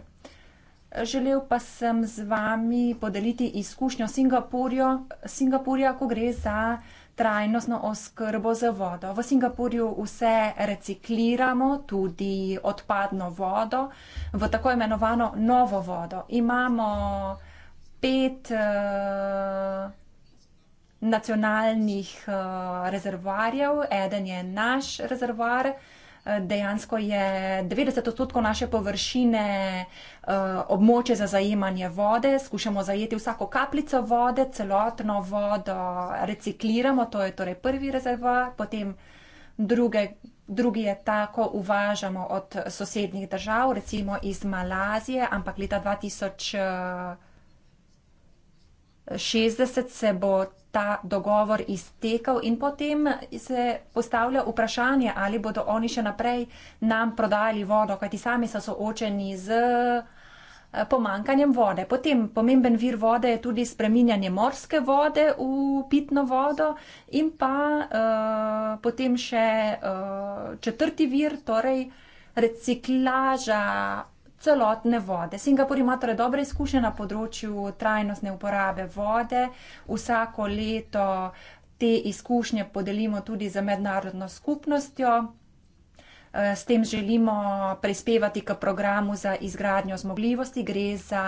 Želel pa sem z vami podeliti izkušnjo Singapurja, ko gre za trajnostno oskrbo z vodo. V Singapurju vse recikliramo, tudi odpadno vodo, v tako imenovano novo vodo. Imamo pet eh, nacionalnih uh, rezervoarjev, eden je naš rezervoar. Eh, dejansko je 90 odstotkov naše površine uh, območje za zajemanje vode. Skušamo zajeti vsako kapljico vode, celotno vodo recikliramo, to je torej prvi rezervoar, potem druge, drugi je tako, uvažamo od sosednjih držav, recimo iz Malazije, ampak leta 2000. Uh, 60 se bo ta dogovor iztekal in potem se postavlja vprašanje, ali bodo oni še naprej nam prodajali vodo, kajti sami so soočeni z eh, pomankanjem vode. Potem pomemben vir vode je tudi spreminjanje morske vode v pitno vodo in pa uh, potem še uh, četrti vir, torej reciklaža celotne vode. Singapur ima torej dobre izkušnje na področju trajnostne uporabe vode. Vsako leto te izkušnje podelimo tudi z mednarodno skupnostjo. Eh, s tem želimo prispevati k programu za izgradnjo zmogljivosti. Gre za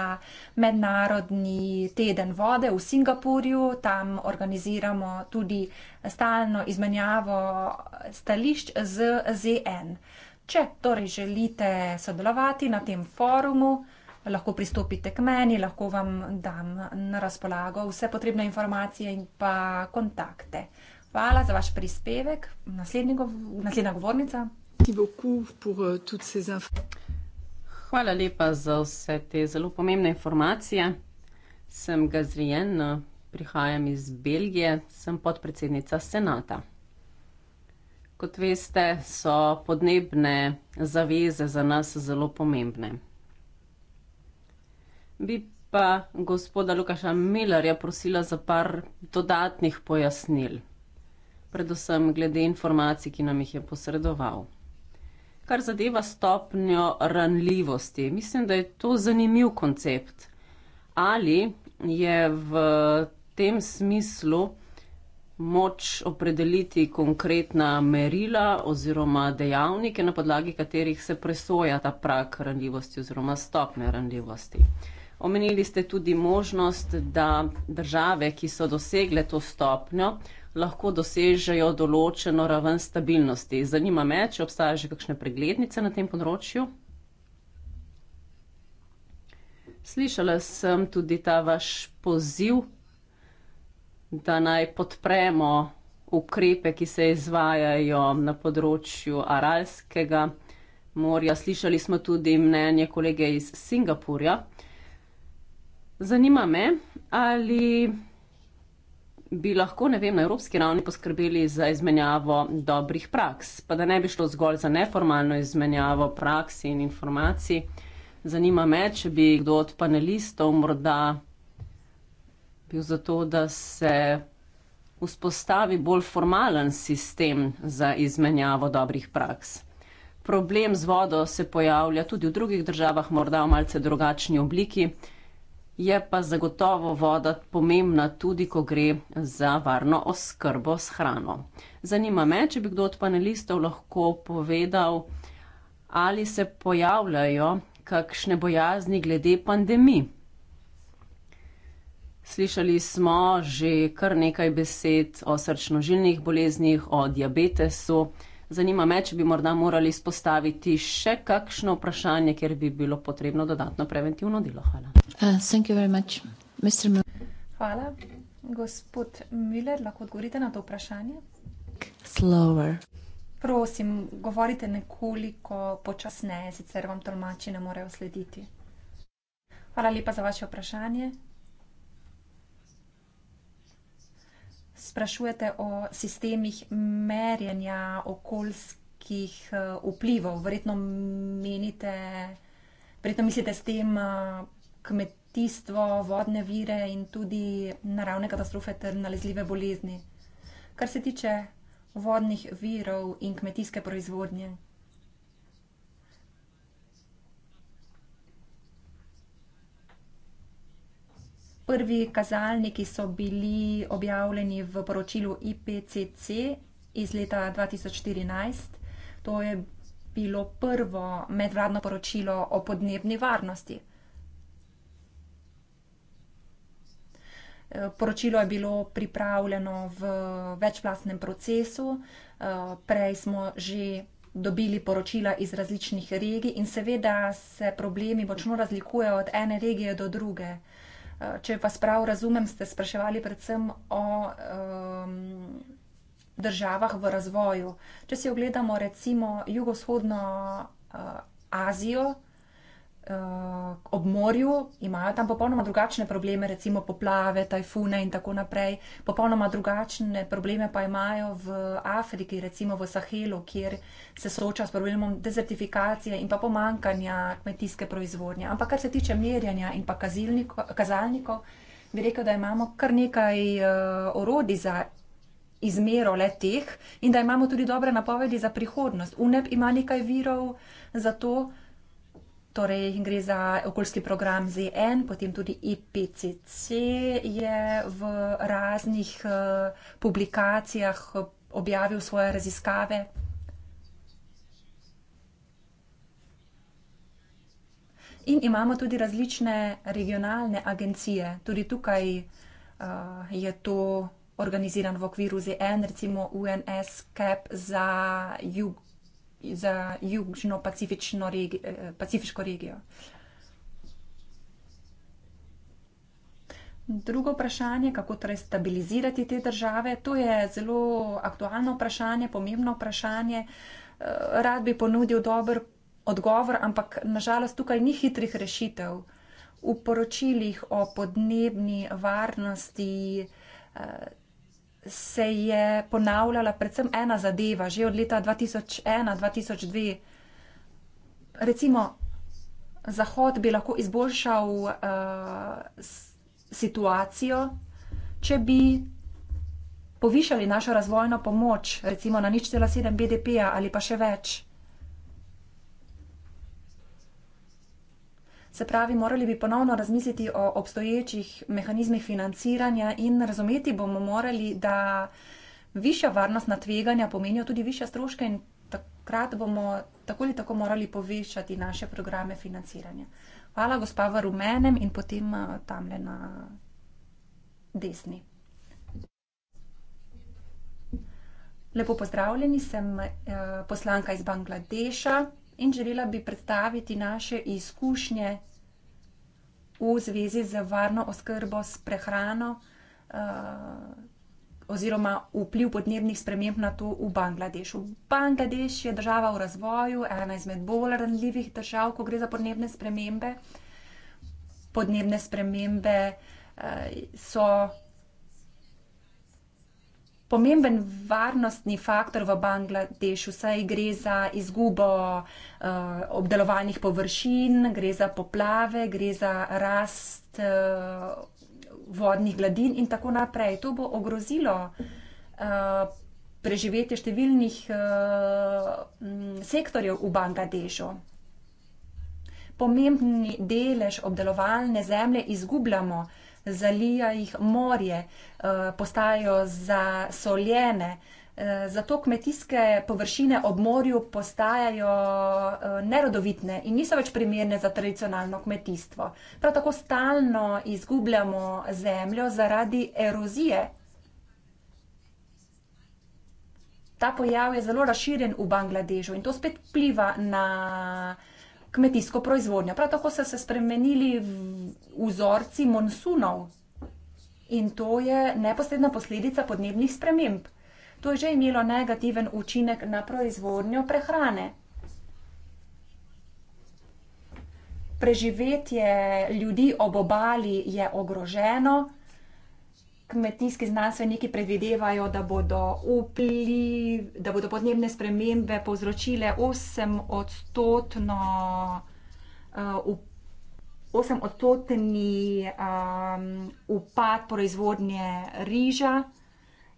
mednarodni teden vode v Singapurju. Tam organiziramo tudi stalno izmenjavo stališč z ZN. Uh, Če torej želite sodelovati na tem forumu, lahko pristopite k meni, lahko vam dam na razpolago vse potrebne informacije in pa kontakte. Hvala za vaš prispevek. Naslednja govornica. Euh, Hvala lepa za vse te zelo pomembne informacije. Sem Gazrien, prihajam iz Belgije, sem podpredsednica senata. Kot veste, so podnebne zaveze za nas zelo pomembne. Bi pa gospoda Lukaša Millerja prosila za par dodatnih pojasnil, predvsem glede informacij, ki nam jih je posredoval. Kar zadeva stopnjo ranljivosti, mislim, da je to zanimiv koncept. Ali je v tem smislu moč opredeliti konkretna merila oziroma dejavnike, na podlagi katerih se presoja ta prak ranljivosti oziroma stopne ranljivosti. Omenili ste tudi možnost, da države, ki so dosegle to stopnjo, lahko dosežejo določeno raven stabilnosti. Zanima me, če obstajajo že kakšne preglednice na tem področju? Slišala sem tudi ta vaš poziv, da naj podpremo ukrepe, ki se izvajajo na področju Aralskega morja. Slišali smo tudi mnenje kolege iz Singapurja. Zanima me, ali bi lahko vem, na evropski ravni poskrbeli za izmenjavo dobrih praks, pa da ne bi šlo zgolj za neformalno izmenjavo praks in informacij. Zanima me, če bi kdo od panelistov morda bil zato, da se vzpostavi bolj formalen sistem za izmenjavo dobrih praks. Problem z vodo se pojavlja tudi v drugih državah, morda v malce drugačni obliki, je pa zagotovo voda pomembna tudi, ko gre za varno oskrbo s hrano. Zanima me, če bi kdo od panelistov lahko povedal, ali se pojavljajo kakšne bojazni glede pandemije. Slišali smo že kar nekaj besed o srčnožilnih boleznih, o diabetesu. Zanima me, če bi morda morali spostaviti še kakšno vprašanje, kjer bi bilo potrebno dodatno preventivno delo. Hvala. Uh, Hvala. Gospod Miller, lahko odgovorite na to vprašanje? Slower. Prosim, govorite nekoliko počasneje, sicer vam tolmači ne morejo slediti. Hvala lepa za vaše vprašanje. sprašujete o sistemih merjenja okoljskih eh, vplivov. Verjetno menite, verjetno mislite s tem eh, kmetijstvo, vodne vire in tudi naravne katastrofe ter nalezljive bolezni. Kar se tiče vodnih virov in kmetijske proizvodnje. prvi kazalniki so bili objavljeni v poročilu IPCC iz leta 2014. To je bilo prvo medvladno poročilo o podnebni varnosti. Eh, poročilo je bilo pripravljeno v večplastnem procesu. Eh, prej smo že dobili poročila iz različnih regij in seveda se problemi močno razlikujejo od ene regije do druge. Eh, če vas prav razumem, ste spraševali predvsem o um, državah v razvoju. Če si ogledamo recimo jugovzhodno uh, Azijo, uh, Eh, ob morju, imajo tam popolnoma drugačne probleme, recimo poplave, tajfune in tako naprej. Popolnoma drugačne probleme pa imajo v Afriki, recimo v Sahelu, kjer se sooča s problemom dezertifikacije in pa pomankanja kmetijske proizvodnje. Ampak kar se tiče merjanja in pa kazalnikov, bi rekel, da imamo kar nekaj uh, eh, orodi za izmero le teh in da imamo tudi dobre napovedi za prihodnost. UNEP ima nekaj virov za to, Torej gre za okoljski program ZN, potem tudi IPCC je v raznih eh, publikacijah eh, objavil svoje raziskave. In imamo tudi različne regionalne agencije. Tudi tukaj eh, je to organiziran v okviru ZN, recimo UNSCAP e za jug za južno-pacifično regi eh, pacifiško regijo. Drugo vprašanje, kako torej stabilizirati te države, to je zelo aktualno vprašanje, pomembno vprašanje. Eh, rad bi ponudil dober odgovor, ampak nažalost tukaj ni hitrih rešitev. V poročilih o podnebni varnosti eh, se je ponavljala predvsem ena zadeva že od leta 2001-2002. Recimo, Zahod bi lahko izboljšal uh, situacijo, če bi povišali našo razvojno pomoč, recimo na nič cela sedem BDP-ja ali pa še več. Se pravi, morali bi ponovno razmisliti o obstoječih mehanizmih financiranja in razumeti bomo morali, da višja varnostna tveganja pomenijo tudi višja stroške in takrat bomo tako ali tako morali povečati naše programe financiranja. Hvala, gospa v rumenem in potem eh, tamle na desni. Lepo pozdravljeni, sem eh, poslanka iz Bangladeša in želela bi predstaviti naše izkušnje v zvezi z varno oskrbo s prehrano eh, oziroma vpliv podnebnih sprememb na to v Bangladešu. Bangladeš je država v razvoju, ena izmed bolj ranljivih držav, ko gre za podnebne spremembe. Podnebne spremembe eh, so pomemben varnostni faktor v Bangladešu, saj gre za izgubo uh, obdelovalnih površin, gre za poplave, gre za rast uh, vodnih gladin in tako naprej. To bo ogrozilo uh, preživetje številnih uh, sektorjev v Bangladešu. Pomembni delež obdelovalne zemlje izgubljamo. Uh, zalija jih morje, eh, postajajo zasoljene, eh, zato kmetijske površine ob morju postajajo eh, nerodovitne in niso več primerne za tradicionalno kmetijstvo. Prav tako stalno izgubljamo zemljo zaradi erozije. Ta pojav je zelo razširjen v Bangladežu in to spet pliva na kmetijsko proizvodnjo. Prav tako so se spremenili vzorci monsunov in to je neposredna posledica podnebnih sprememb. To je že imelo negativen učinek na proizvodnjo prehrane. Preživetje ljudi ob obali je ogroženo kmetijski znanstveniki predvidevajo, da bodo, vpliv, da bodo podnebne spremembe povzročile 8-odstotno vpliv. Uh, 8-odstotni um, upad proizvodnje riža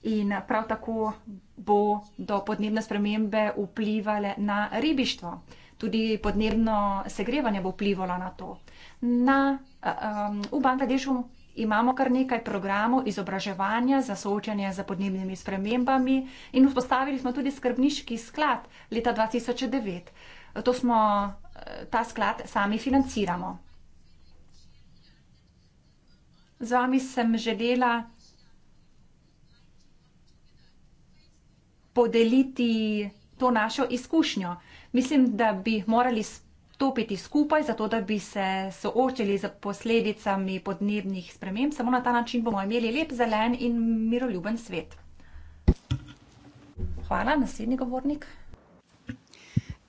in prav tako bo do podnebne spremembe vplivali na ribištvo. Tudi podnebno segrevanje bo vplivalo na to. Na, uh, um, v Bangladešu imamo kar nekaj programov izobraževanja za soočanje z podnebnimi spremembami in vzpostavili smo tudi skrbniški sklad leta 2009. To smo, eh, ta sklad sami financiramo. Z vami sem želela podeliti to našo izkušnjo. Mislim, da bi morali stopiti skupaj, zato da bi se soočili z posledicami podnebnih sprememb. Samo na ta način bomo imeli lep zelen in miroljuben svet. Hvala, naslednji govornik.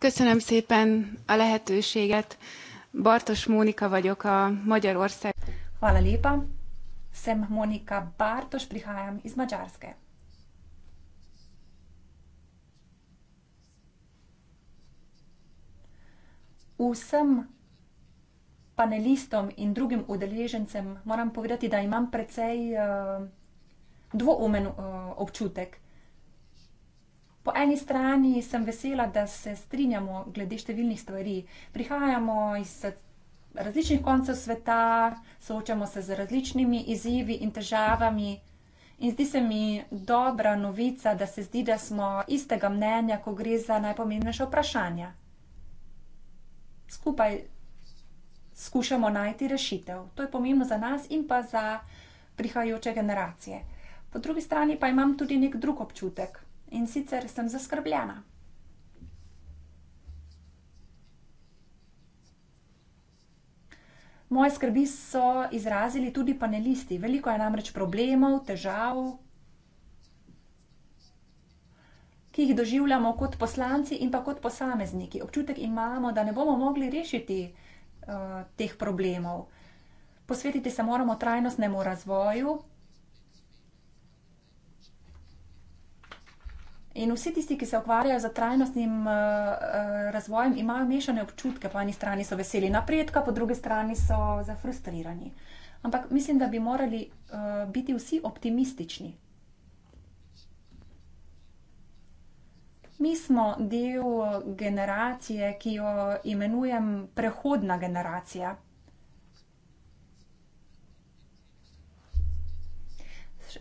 Köszönöm szépen a lehetőséget. Bartos Mónika vagyok a Magyarország. Hvala lepa. Sem Mónika Bartos, prihajam iz Magyarske. vsem panelistom in drugim udeležencem moram povedati, da imam precej uh, dvoumen uh, občutek. Po eni strani sem vesela, da se strinjamo glede številnih stvari. Prihajamo iz različnih koncev sveta, soočamo se z različnimi izzivi in težavami. In zdi se mi dobra novica, da se zdi, da smo istega mnenja, ko gre za najpomembnejša vprašanja skupaj skušamo najti rešitev. To je pomembno za nas in pa za prihajajoče generacije. Po drugi strani pa imam tudi nek drug občutek in sicer sem zaskrbljena. Moje skrbi so izrazili tudi panelisti. Veliko je namreč problemov, težav, ki jih doživljamo kot poslanci in pa kot posamezniki. Občutek imamo, da ne bomo mogli rešiti uh, teh problemov. Posvetiti se moramo trajnostnemu razvoju. In vsi tisti, ki se ukvarjajo z trajnostnim eh, eh, razvojem, imajo mešane občutke. Po eni strani so veseli napredka, po drugi strani so zafrustrirani. Ampak mislim, da bi morali biti vsi optimistični, Mi smo del generacije, ki jo imenujem prehodna generacija.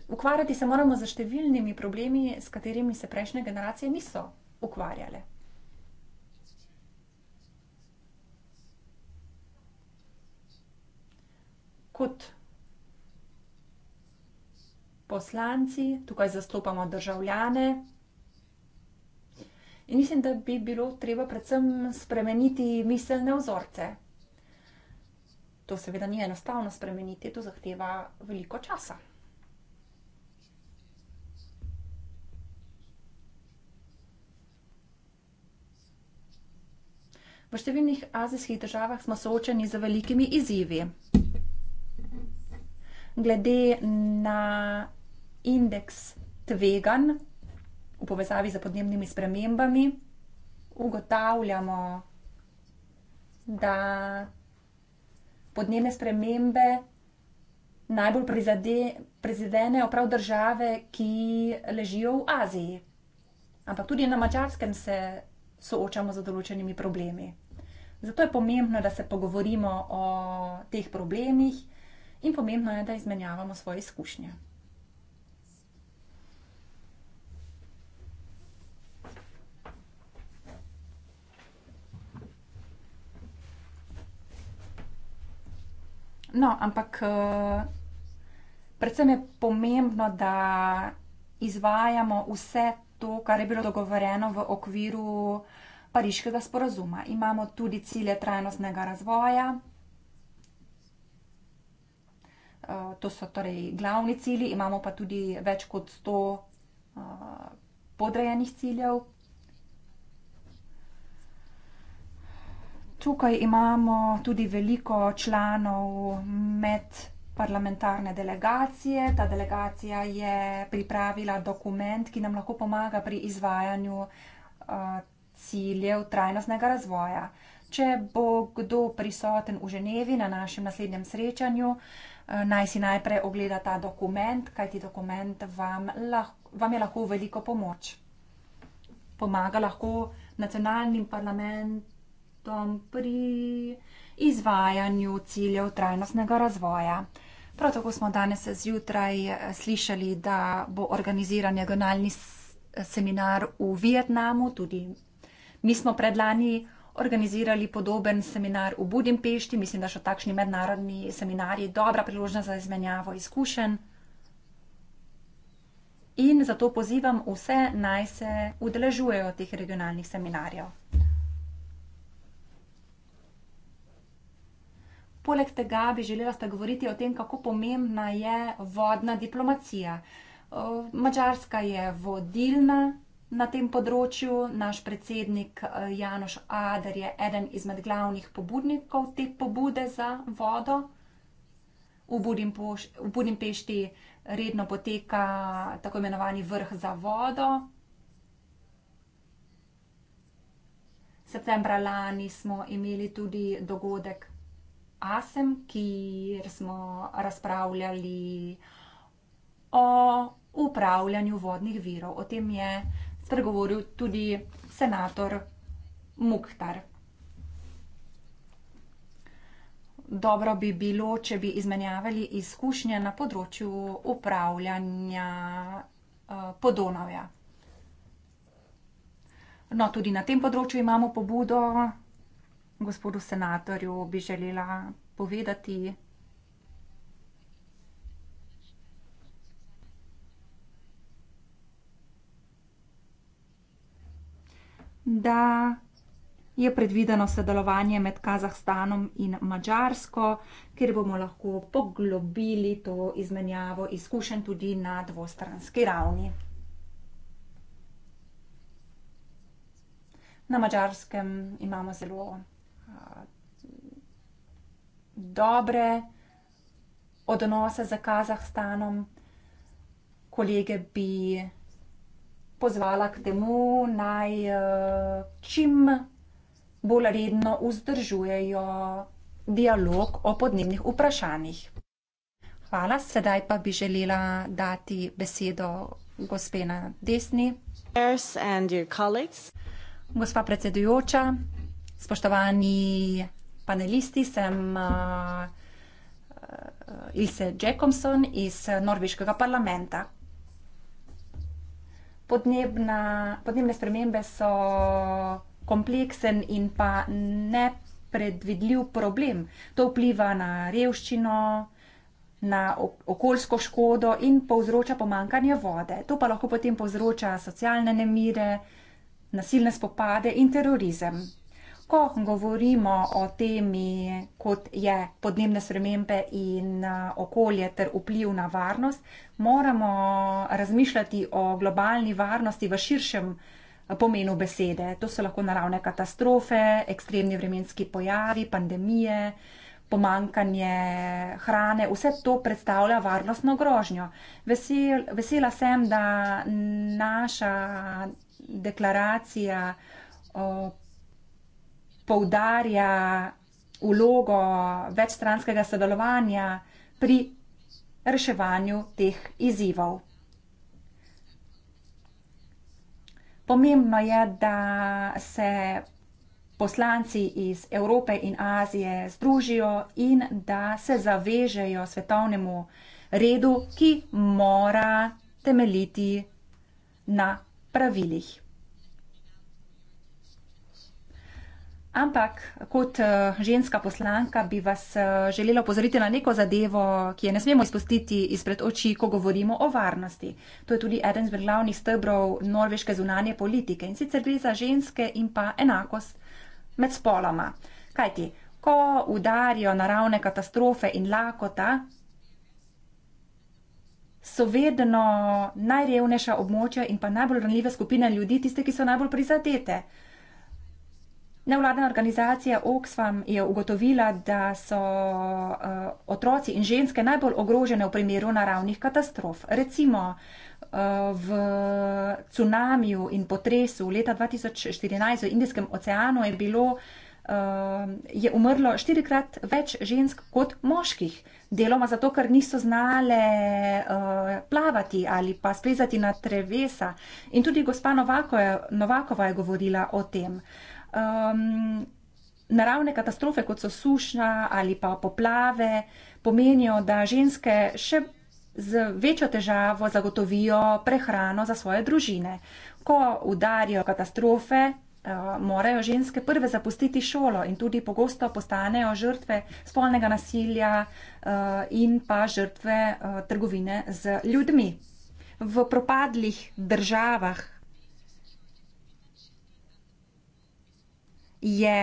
Ukvarjati se moramo za številnimi problemi, s katerimi se prejšnje generacije niso ukvarjale. Kot poslanci, tukaj zastopamo državljane, In mislim, da bi bilo treba predvsem spremeniti miselne vzorce. To seveda ni enostavno spremeniti, to zahteva veliko časa. V številnih azijskih državah smo soočeni z velikimi izzivi. Glede na indeks tveganj, v povezavi z podnebnimi spremembami, ugotavljamo, da podnebne spremembe najbolj prizadenejo prav države, ki ležijo v Aziji. Ampak tudi na mačarskem se soočamo z določenimi problemi. Zato je pomembno, da se pogovorimo o teh problemih in pomembno je, da izmenjavamo svoje izkušnje. No, ampak eh, predvsem je pomembno, da izvajamo vse to, kar je bilo dogovoreno v okviru pariškega sporazuma. Imamo tudi cilje trajnostnega razvoja. Eh, to so torej glavni cilji, imamo pa tudi več kot 100 eh, podrejenih ciljev, Tukaj imamo tudi veliko članov med parlamentarne delegacije. Ta delegacija je pripravila dokument, ki nam lahko pomaga pri izvajanju ciljev trajnostnega razvoja. Če bo kdo prisoten v Ženevi na našem naslednjem srečanju, naj si najprej ogleda ta dokument, kajti dokument vam, lahko, vam je lahko veliko pomoč. Pomaga lahko nacionalnim parlamentom svetom pri izvajanju ciljev trajnostnega razvoja. Prav tako smo danes zjutraj eh, slišali, da bo organiziran regionalni seminar v Vietnamu, tudi mi smo predlani organizirali podoben seminar v Budimpešti, mislim, da so takšni mednarodni seminarji dobra priložnost za izmenjavo izkušenj. In zato pozivam vse naj se udeležujejo teh regionalnih seminarjev. Poleg tega bi želela spregovoriti o tem, kako pomembna je vodna diplomacija. Mačarska je vodilna na tem področju, naš predsednik eh, Janoš Adar je eden izmed glavnih pobudnikov te pobude za vodo. V Budimpešti redno poteka tako imenovani vrh za vodo. Septembra lani smo imeli tudi dogodek Asem, kjer smo razpravljali o upravljanju vodnih virov. O tem je spregovoril tudi senator Muktar. Dobro bi bilo, če bi izmenjavali izkušnje na področju upravljanja eh, podonovja. No, tudi na tem področju imamo pobudo gospodu senatorju bi želela povedati? Da je predvideno sodelovanje med Kazahstanom in Mačarsko, kjer bomo lahko poglobili to izmenjavo izkušenj tudi na dvostranski ravni. Na Mačarskem imamo zelo dobre odnose z Kazahstanom. Kolege bi pozvala k temu, naj eh, čim bolj redno vzdržujejo dialog o podnebnih vprašanjih. Hvala, sedaj pa bi želela dati besedo gospe na desni. Gospa predsedujoča, Spoštovani panelisti, sem uh, uh, Ilse Jacobson iz norveškega parlamenta. Podnebna, podnebne spremembe so kompleksen in pa nepredvidljiv problem. To vpliva na revščino, na okoljsko škodo in povzroča pomankanje vode. To pa lahko potem povzroča socialne nemire, nasilne spopade in terorizem ko govorimo o temi, kot je podnebne spremembe in okolje ter vpliv na varnost, moramo razmišljati o globalni varnosti v širšem pomenu besede. To so lahko naravne katastrofe, ekstremni vremenski pojavi, pandemije, pomankanje hrane. Vse to predstavlja varnostno grožnjo. Vesel, vesela sem, da naša deklaracija poudarja ulogo večstranskega sodelovanja pri reševanju teh izzivov. Pomembno je, da se poslanci iz Evrope in Azije združijo in da se zavežejo svetovnemu redu, ki mora temeljiti na pravilih. Ampak kot eh, ženska poslanka bi vas eh, želela opozoriti na neko zadevo, ki je ne smemo izpustiti izpred oči, ko govorimo o varnosti. To je tudi eden zmed glavnih stebrov norveške zunanje politike in sicer gre za ženske in pa enakost med spoloma. Kaj ti, ko udarijo naravne katastrofe in lakota, so vedno najrevnejša območja in pa najbolj ranljive skupine ljudi, tiste, ki so najbolj prizadete. Nevladna organizacija Oxfam je ugotovila, da so uh, otroci in ženske najbolj ogrožene v primeru naravnih katastrof. Recimo uh, v cunamiju in potresu leta 2014 v Indijskem oceanu je bilo eh, je umrlo štirikrat več žensk kot moških. Deloma zato, ker niso znale plavati ali pa splezati na drevesa. In tudi gospa Novakova je, Novakova je govorila o tem um, naravne katastrofe, kot so suša ali pa poplave, pomenijo, da ženske še z večjo težavo zagotovijo prehrano za svoje družine. Ko udarijo katastrofe, uh, morajo ženske prve zapustiti šolo in tudi pogosto postanejo žrtve spolnega nasilja uh, in pa žrtve uh, trgovine z ljudmi. V propadlih državah je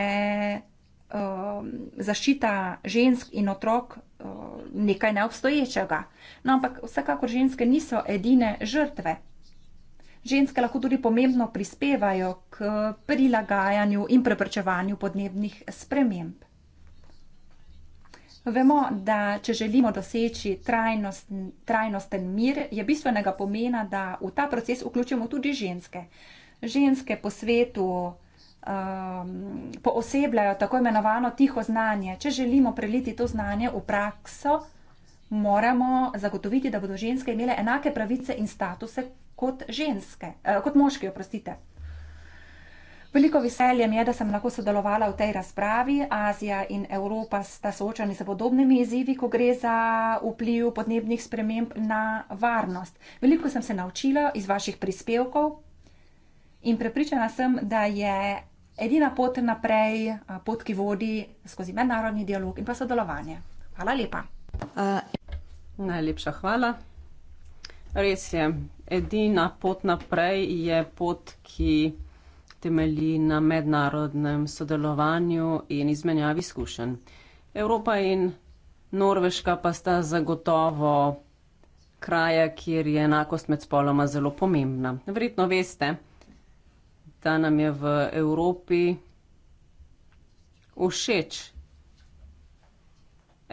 um, zaščita žensk in otrok um, nekaj neobstoječega. No, ampak vsekakor ženske niso edine žrtve. Ženske lahko tudi pomembno prispevajo k prilagajanju in preprečevanju podnebnih sprememb. Vemo, da če želimo doseči trajnost, trajnosten mir, je bistvenega pomena, da v ta proces vključimo tudi ženske. Ženske po svetu uh, um, poosebljajo tako imenovano tiho znanje. Če želimo preliti to znanje v prakso, moramo zagotoviti, da bodo ženske imele enake pravice in statuse kot, ženske, eh, kot moški. Oprostite. Veliko veseljem je, da sem lahko sodelovala v tej razpravi. Azija in Evropa sta soočeni z podobnimi izzivi, ko gre za vpliv podnebnih sprememb na varnost. Veliko sem se naučila iz vaših prispevkov in prepričana sem, da je edina pot naprej, pot, ki vodi skozi mednarodni dialog in pa sodelovanje. Hvala lepa. Uh, najlepša hvala. Res je, edina pot naprej je pot, ki temelji na mednarodnem sodelovanju in izmenjavi izkušenj. Evropa in Norveška pa sta zagotovo kraja, kjer je enakost med spoloma zelo pomembna. Verjetno veste, ta nam je v Evropi všeč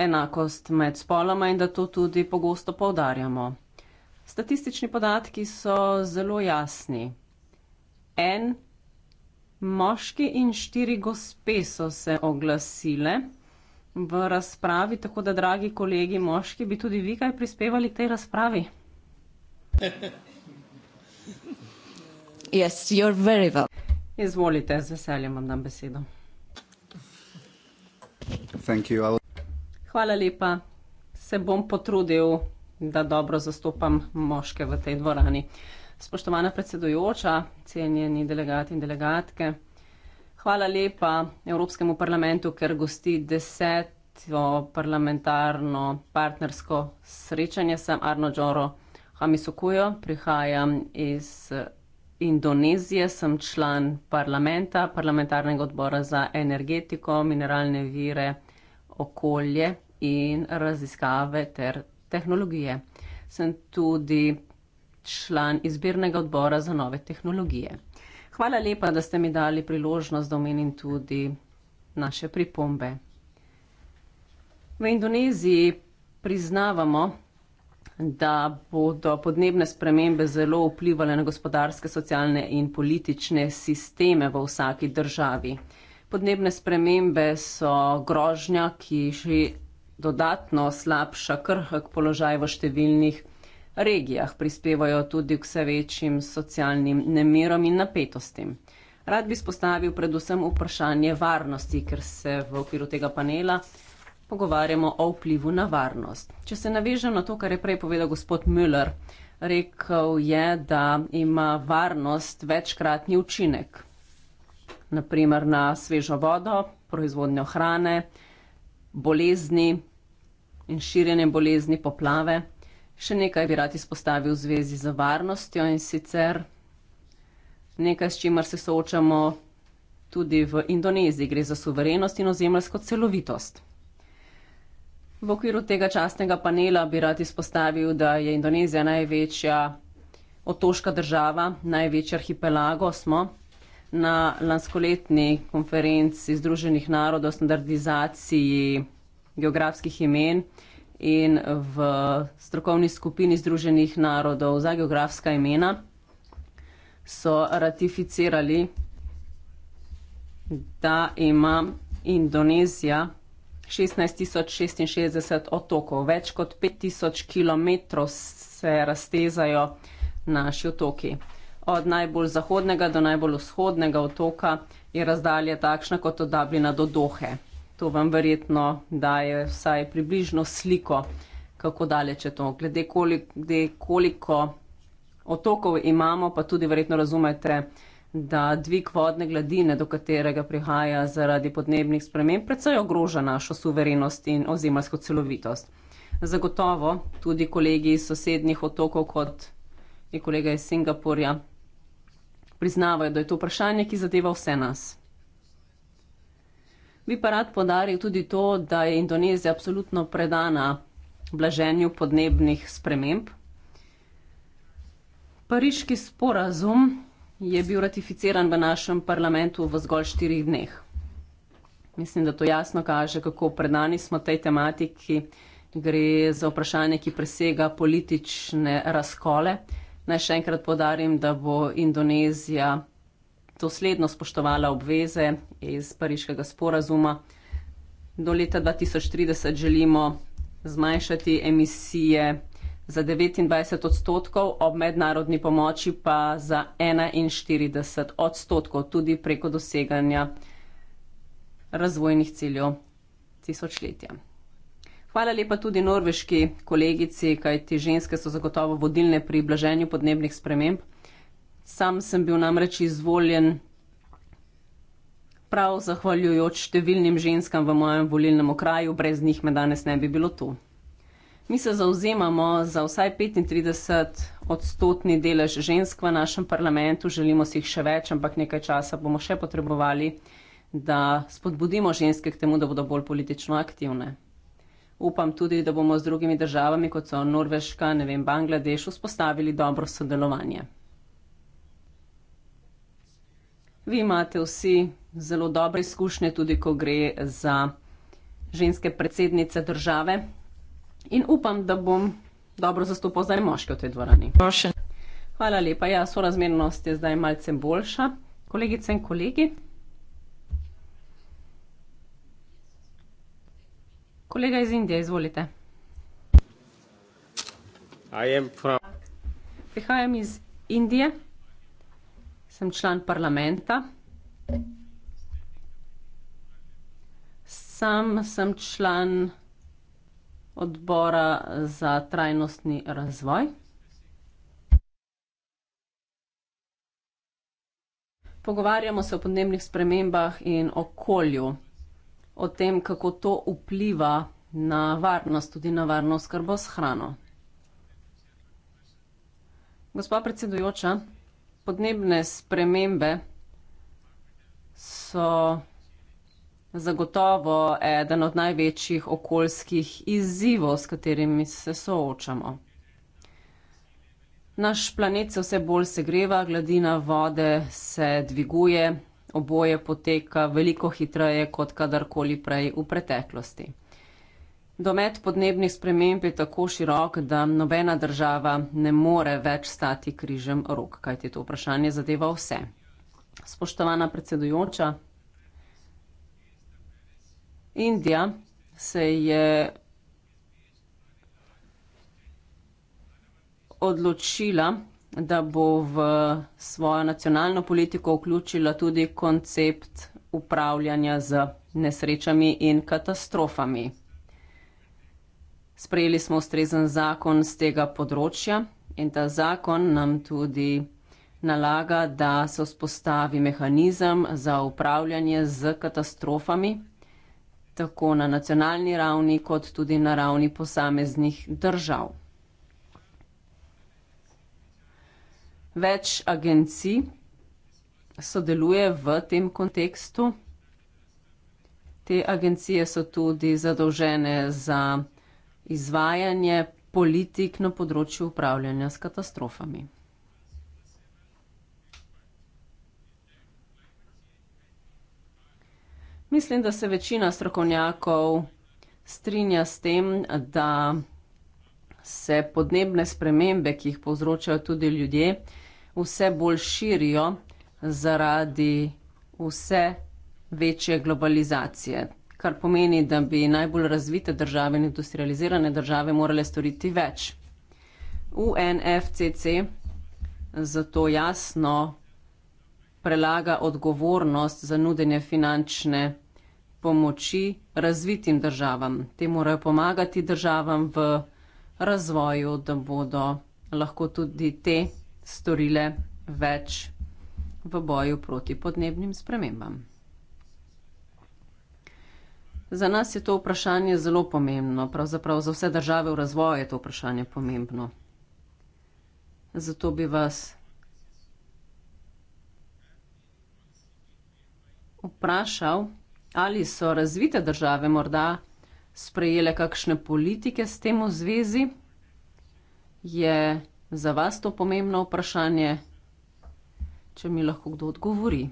enakost med spoloma in da to tudi pogosto poudarjamo. Statistični podatki so zelo jasni. En moški in štiri gospe so se oglasile v razpravi, tako da, dragi kolegi moški, bi tudi vi kaj prispevali k tej razpravi? Yes, you're very well. Izvolite, z veseljem vam dam besedo. Thank you, Hvala lepa. Se bom potrudil, da dobro zastopam moške v tej dvorani. Spoštovana predsedujoča, cenjeni delegati in delegatke, Hvala lepa Evropskemu parlamentu, ker gosti deseto parlamentarno partnersko srečanje. Sem Arno Džoro Hamisokujo, prihajam iz Indonezije sem član parlamenta, parlamentarnega odbora za energetiko, mineralne vire, okolje in raziskave ter tehnologije. Sem tudi član izbirnega odbora za nove tehnologije. Hvala lepa, da ste mi dali priložnost, da omenim tudi naše pripombe. V Indoneziji priznavamo, da bodo podnebne spremembe zelo vplivali na gospodarske, socialne in politične sisteme v vsaki državi. Podnebne spremembe so grožnja, ki že dodatno slabša krhk položaj v številnih regijah, prispevajo tudi k vse večjim socialnim nemirom in napetostim. Rad bi spostavil predvsem vprašanje varnosti, ker se v okviru tega panela pogovarjamo o vplivu na varnost. Če se navežem na to, kar je prej povedal gospod Müller, rekel je, da ima varnost večkratni učinek, naprimer na svežo vodo, proizvodnjo hrane, bolezni in širjenje bolezni, poplave. Še nekaj bi rad izpostavil v zvezi z varnostjo in sicer nekaj, s čimer se soočamo tudi v Indoneziji, gre za suverenost in ozemljsko celovitost. V okviru tega častnega panela bi rad izpostavil, da je Indonezija največja otoška država, največji arhipelago smo. Na lanskoletni konferenci Združenih narodov o standardizaciji geografskih imen in v strokovni skupini Združenih narodov za geografska imena so ratificirali, da ima Indonezija 16,066 otokov, več kot 5000 km se raztezajo naši otoki. Od najbolj zahodnega do najbolj vzhodnega otoka je razdalja takšna kot od Dublina do Dohe. To vam verjetno daje vsaj približno sliko, kako daleč je to. Glede koliko, glede koliko otokov imamo, pa tudi verjetno razumete, da dvig vodne gladine, do katerega prihaja zaradi podnebnih sprememb, predvsej ogroža našo suverenost in ozemalsko celovitost. Zagotovo tudi kolegi iz sosednjih otokov, kot je kolega iz Singapurja, priznavajo, da je to vprašanje, ki zadeva vse nas. Bi pa rad podaril tudi to, da je Indonezija absolutno predana blaženju podnebnih sprememb. Pariški sporazum je bil ratificiran v našem parlamentu v zgolj štirih dneh. Mislim, da to jasno kaže, kako predani smo tej tematiki. Gre za vprašanje, ki presega politične razkole. Naj še enkrat podarim, da bo Indonezija dosledno spoštovala obveze iz Pariškega sporazuma. Do leta 2030 želimo zmanjšati emisije za 29 odstotkov, ob mednarodni pomoči pa za 41 odstotkov, tudi preko doseganja razvojnih ciljev tisočletja. Hvala lepa tudi norveški kolegici, kajti ženske so zagotovo vodilne pri blaženju podnebnih sprememb. Sam sem bil namreč izvoljen prav zahvaljujoč številnim ženskam v mojem volilnem okraju, brez njih me danes ne bi bilo tu. Mi se zauzemamo za vsaj 35 odstotni delež žensk v našem parlamentu, želimo si jih še več, ampak nekaj časa bomo še potrebovali, da spodbudimo ženske k temu, da bodo bolj politično aktivne. Upam tudi, da bomo z drugimi državami, kot so Norveška, ne vem, Bangladeš, vzpostavili dobro sodelovanje. Vi imate vsi zelo dobre izkušnje, tudi ko gre za ženske predsednice države in upam, da bom dobro zastopal zdaj moške v tej dvorani. Prošen. Hvala lepa. Ja, sorazmernost je zdaj malce boljša. Kolegice in kolegi. Kolega iz Indije, izvolite. From... Prihajam iz Indije, sem član parlamenta. Sam sem član odbora za trajnostni razvoj. Pogovarjamo se o podnebnih spremembah in okolju, o tem, kako to vpliva na varnost, tudi na varno skrbo s hrano. Gospa predsedujoča, podnebne spremembe so Zagotovo eden od največjih okoljskih izzivov, s katerimi se soočamo. Naš planet se vse bolj segreva, gladina vode se dviguje, oboje poteka veliko hitreje kot kadarkoli prej v preteklosti. Domet podnebnih sprememb je tako širok, da nobena država ne more več stati križem rok, kajti to vprašanje zadeva vse. Spoštovana predsedujoča, Indija se je odločila, da bo v svojo nacionalno politiko vključila tudi koncept upravljanja z nesrečami in katastrofami. Sprejeli smo ustrezen zakon z tega področja in ta zakon nam tudi nalaga, da se vzpostavi mehanizem za upravljanje z katastrofami tako na nacionalni ravni, kot tudi na ravni posameznih držav. Več agencij sodeluje v tem kontekstu. Te agencije so tudi zadolžene za izvajanje politik na področju upravljanja s katastrofami. Mislim, da se večina strokovnjakov strinja s tem, da se podnebne spremembe, ki jih povzročajo tudi ljudje, vse bolj širijo zaradi vse večje globalizacije, kar pomeni, da bi najbolj razvite države in industrializirane države morale storiti več. UNFCC zato jasno prelaga odgovornost za nudenje finančne pomoči razvitim državam. Te morajo pomagati državam v razvoju, da bodo lahko tudi te storile več v boju proti podnebnim spremembam. Za nas je to vprašanje zelo pomembno, pravzaprav za vse države v razvoju je to vprašanje pomembno. Zato bi vas vprašal, Ali so razvite države morda sprejele kakšne politike s tem v zvezi? Je za vas to pomembno vprašanje? Če mi lahko kdo odgovori.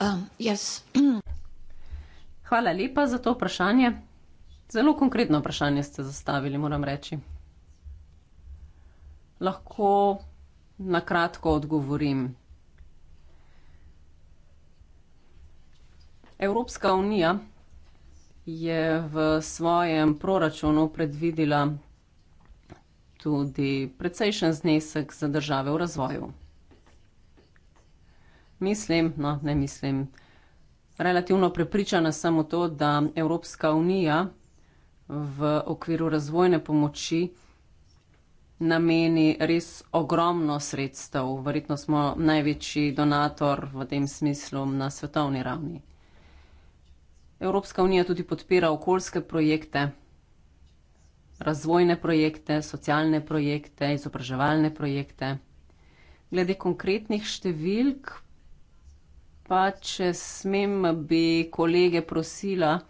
Um, yes. Hvala lepa za to vprašanje. Zelo konkretno vprašanje ste zastavili, moram reči lahko na kratko odgovorim. Evropska unija je v svojem proračunu predvidela tudi precejšen znesek za države v razvoju. Mislim, no, ne mislim, relativno prepričana sem v to, da Evropska unija v okviru razvojne pomoči nameni res ogromno sredstev. Verjetno smo največji donator v tem smislu na svetovni ravni. Evropska unija tudi podpira okoljske projekte, razvojne projekte, socialne projekte, izobraževalne projekte. Glede konkretnih številk, pa če smem, bi kolege prosila,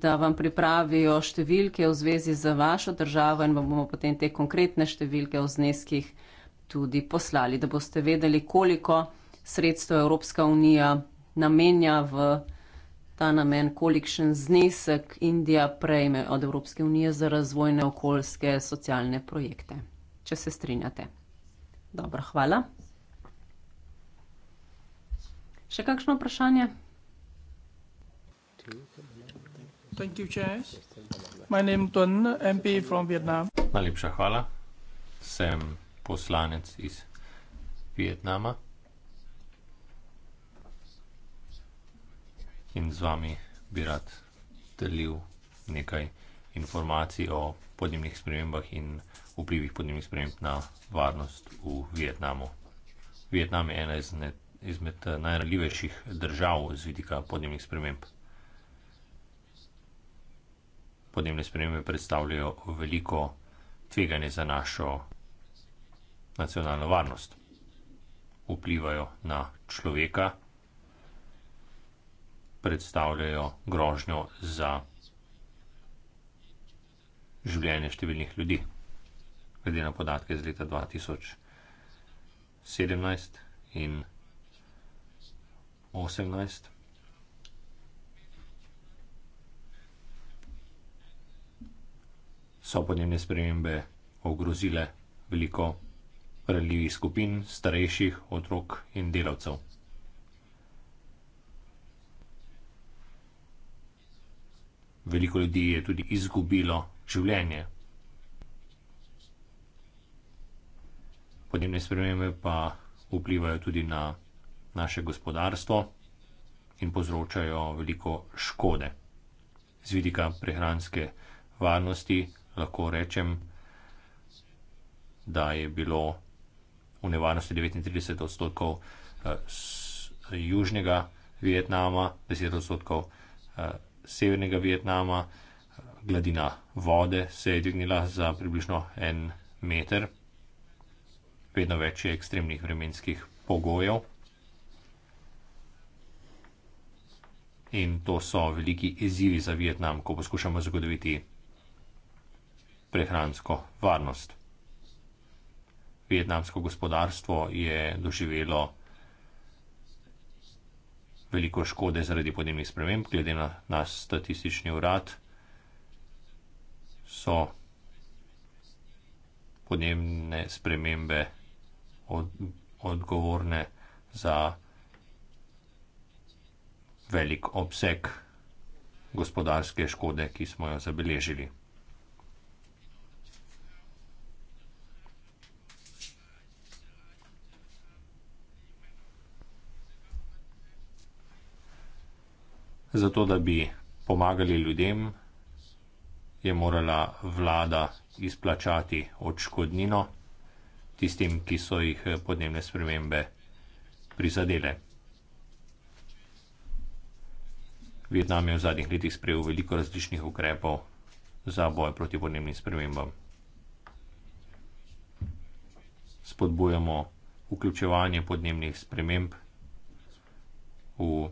da vam pripravijo številke v zvezi z vašo državo in vam bomo potem te konkretne številke o zneskih tudi poslali, da boste vedeli, koliko sredstev Evropska unija namenja v ta namen, kolikšen znesek Indija prejme od Evropske unije za razvojne, okoljske, socialne projekte. Če se strinjate. Dobro, hvala. Še kakšno vprašanje? Thank you, Chairs. My name Tuấn, MP from Vietnam. Najlepša hvala. Sem poslanec iz Vietnama. In z vami bi rad delil nekaj informacij o podnebnih spremembah in vplivih podnebnih sprememb na varnost v Vietnamu. Vietnam je ena izmed najranljivejših držav z vidika podnebnih sprememb podnebne spremembe predstavljajo veliko tveganje za našo nacionalno varnost. Vplivajo na človeka, predstavljajo grožnjo za življenje številnih ljudi. Glede na podatke iz leta 2017 in 2018, so podnebne spremembe ogrozile veliko preljivih skupin starejših otrok in delavcev. Veliko ljudi je tudi izgubilo življenje. Podnebne spremembe pa vplivajo tudi na naše gospodarstvo in povzročajo veliko škode. Z vidika prehranske varnosti lahko rečem, da je bilo v nevarnosti 39 odstotkov eh, južnega Vietnama, 10 odstotkov eh, severnega Vietnama, gladina vode se je dvignila za približno en meter, vedno več je ekstremnih vremenskih pogojev. In to so veliki izzivi za Vietnam, ko poskušamo zagotoviti prehransko varnost. Vietnamsko gospodarstvo je doživelo veliko škode zaradi podnebnih sprememb, glede na nas statistični urad so podnebne spremembe od, odgovorne za velik obseg gospodarske škode, ki smo jo zabeležili. zato da bi pomagali ljudem, je morala vlada izplačati odškodnino tistim, ki so jih podnebne spremembe prizadele. Vietnam je v zadnjih letih sprejel veliko različnih ukrepov za boj proti podnebnim spremembam. Spodbujamo vključevanje podnebnih sprememb v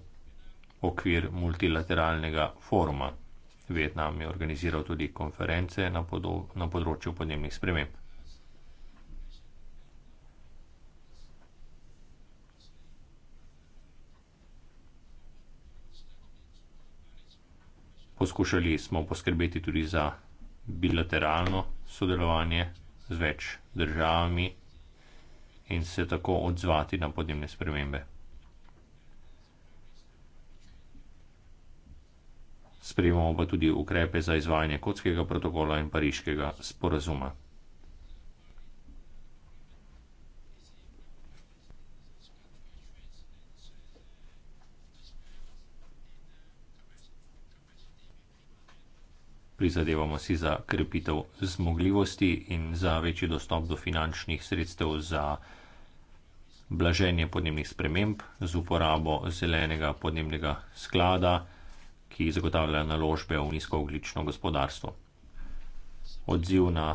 okvir multilateralnega foruma. Vietnam je organiziral tudi konference na, podo, na področju podnebnih sprememb. Poskušali smo poskrbeti tudi za bilateralno sodelovanje z več državami in se tako odzvati na podnebne spremembe. sprejemamo pa tudi ukrepe za izvajanje kockega protokola in pariškega sporazuma. Prizadevamo si za krepitev zmogljivosti in za večji dostop do finančnih sredstev za blaženje podnebnih sprememb z uporabo zelenega podnebnega sklada ki zagotavlja naložbe v nizkooglično gospodarstvo. Odziv na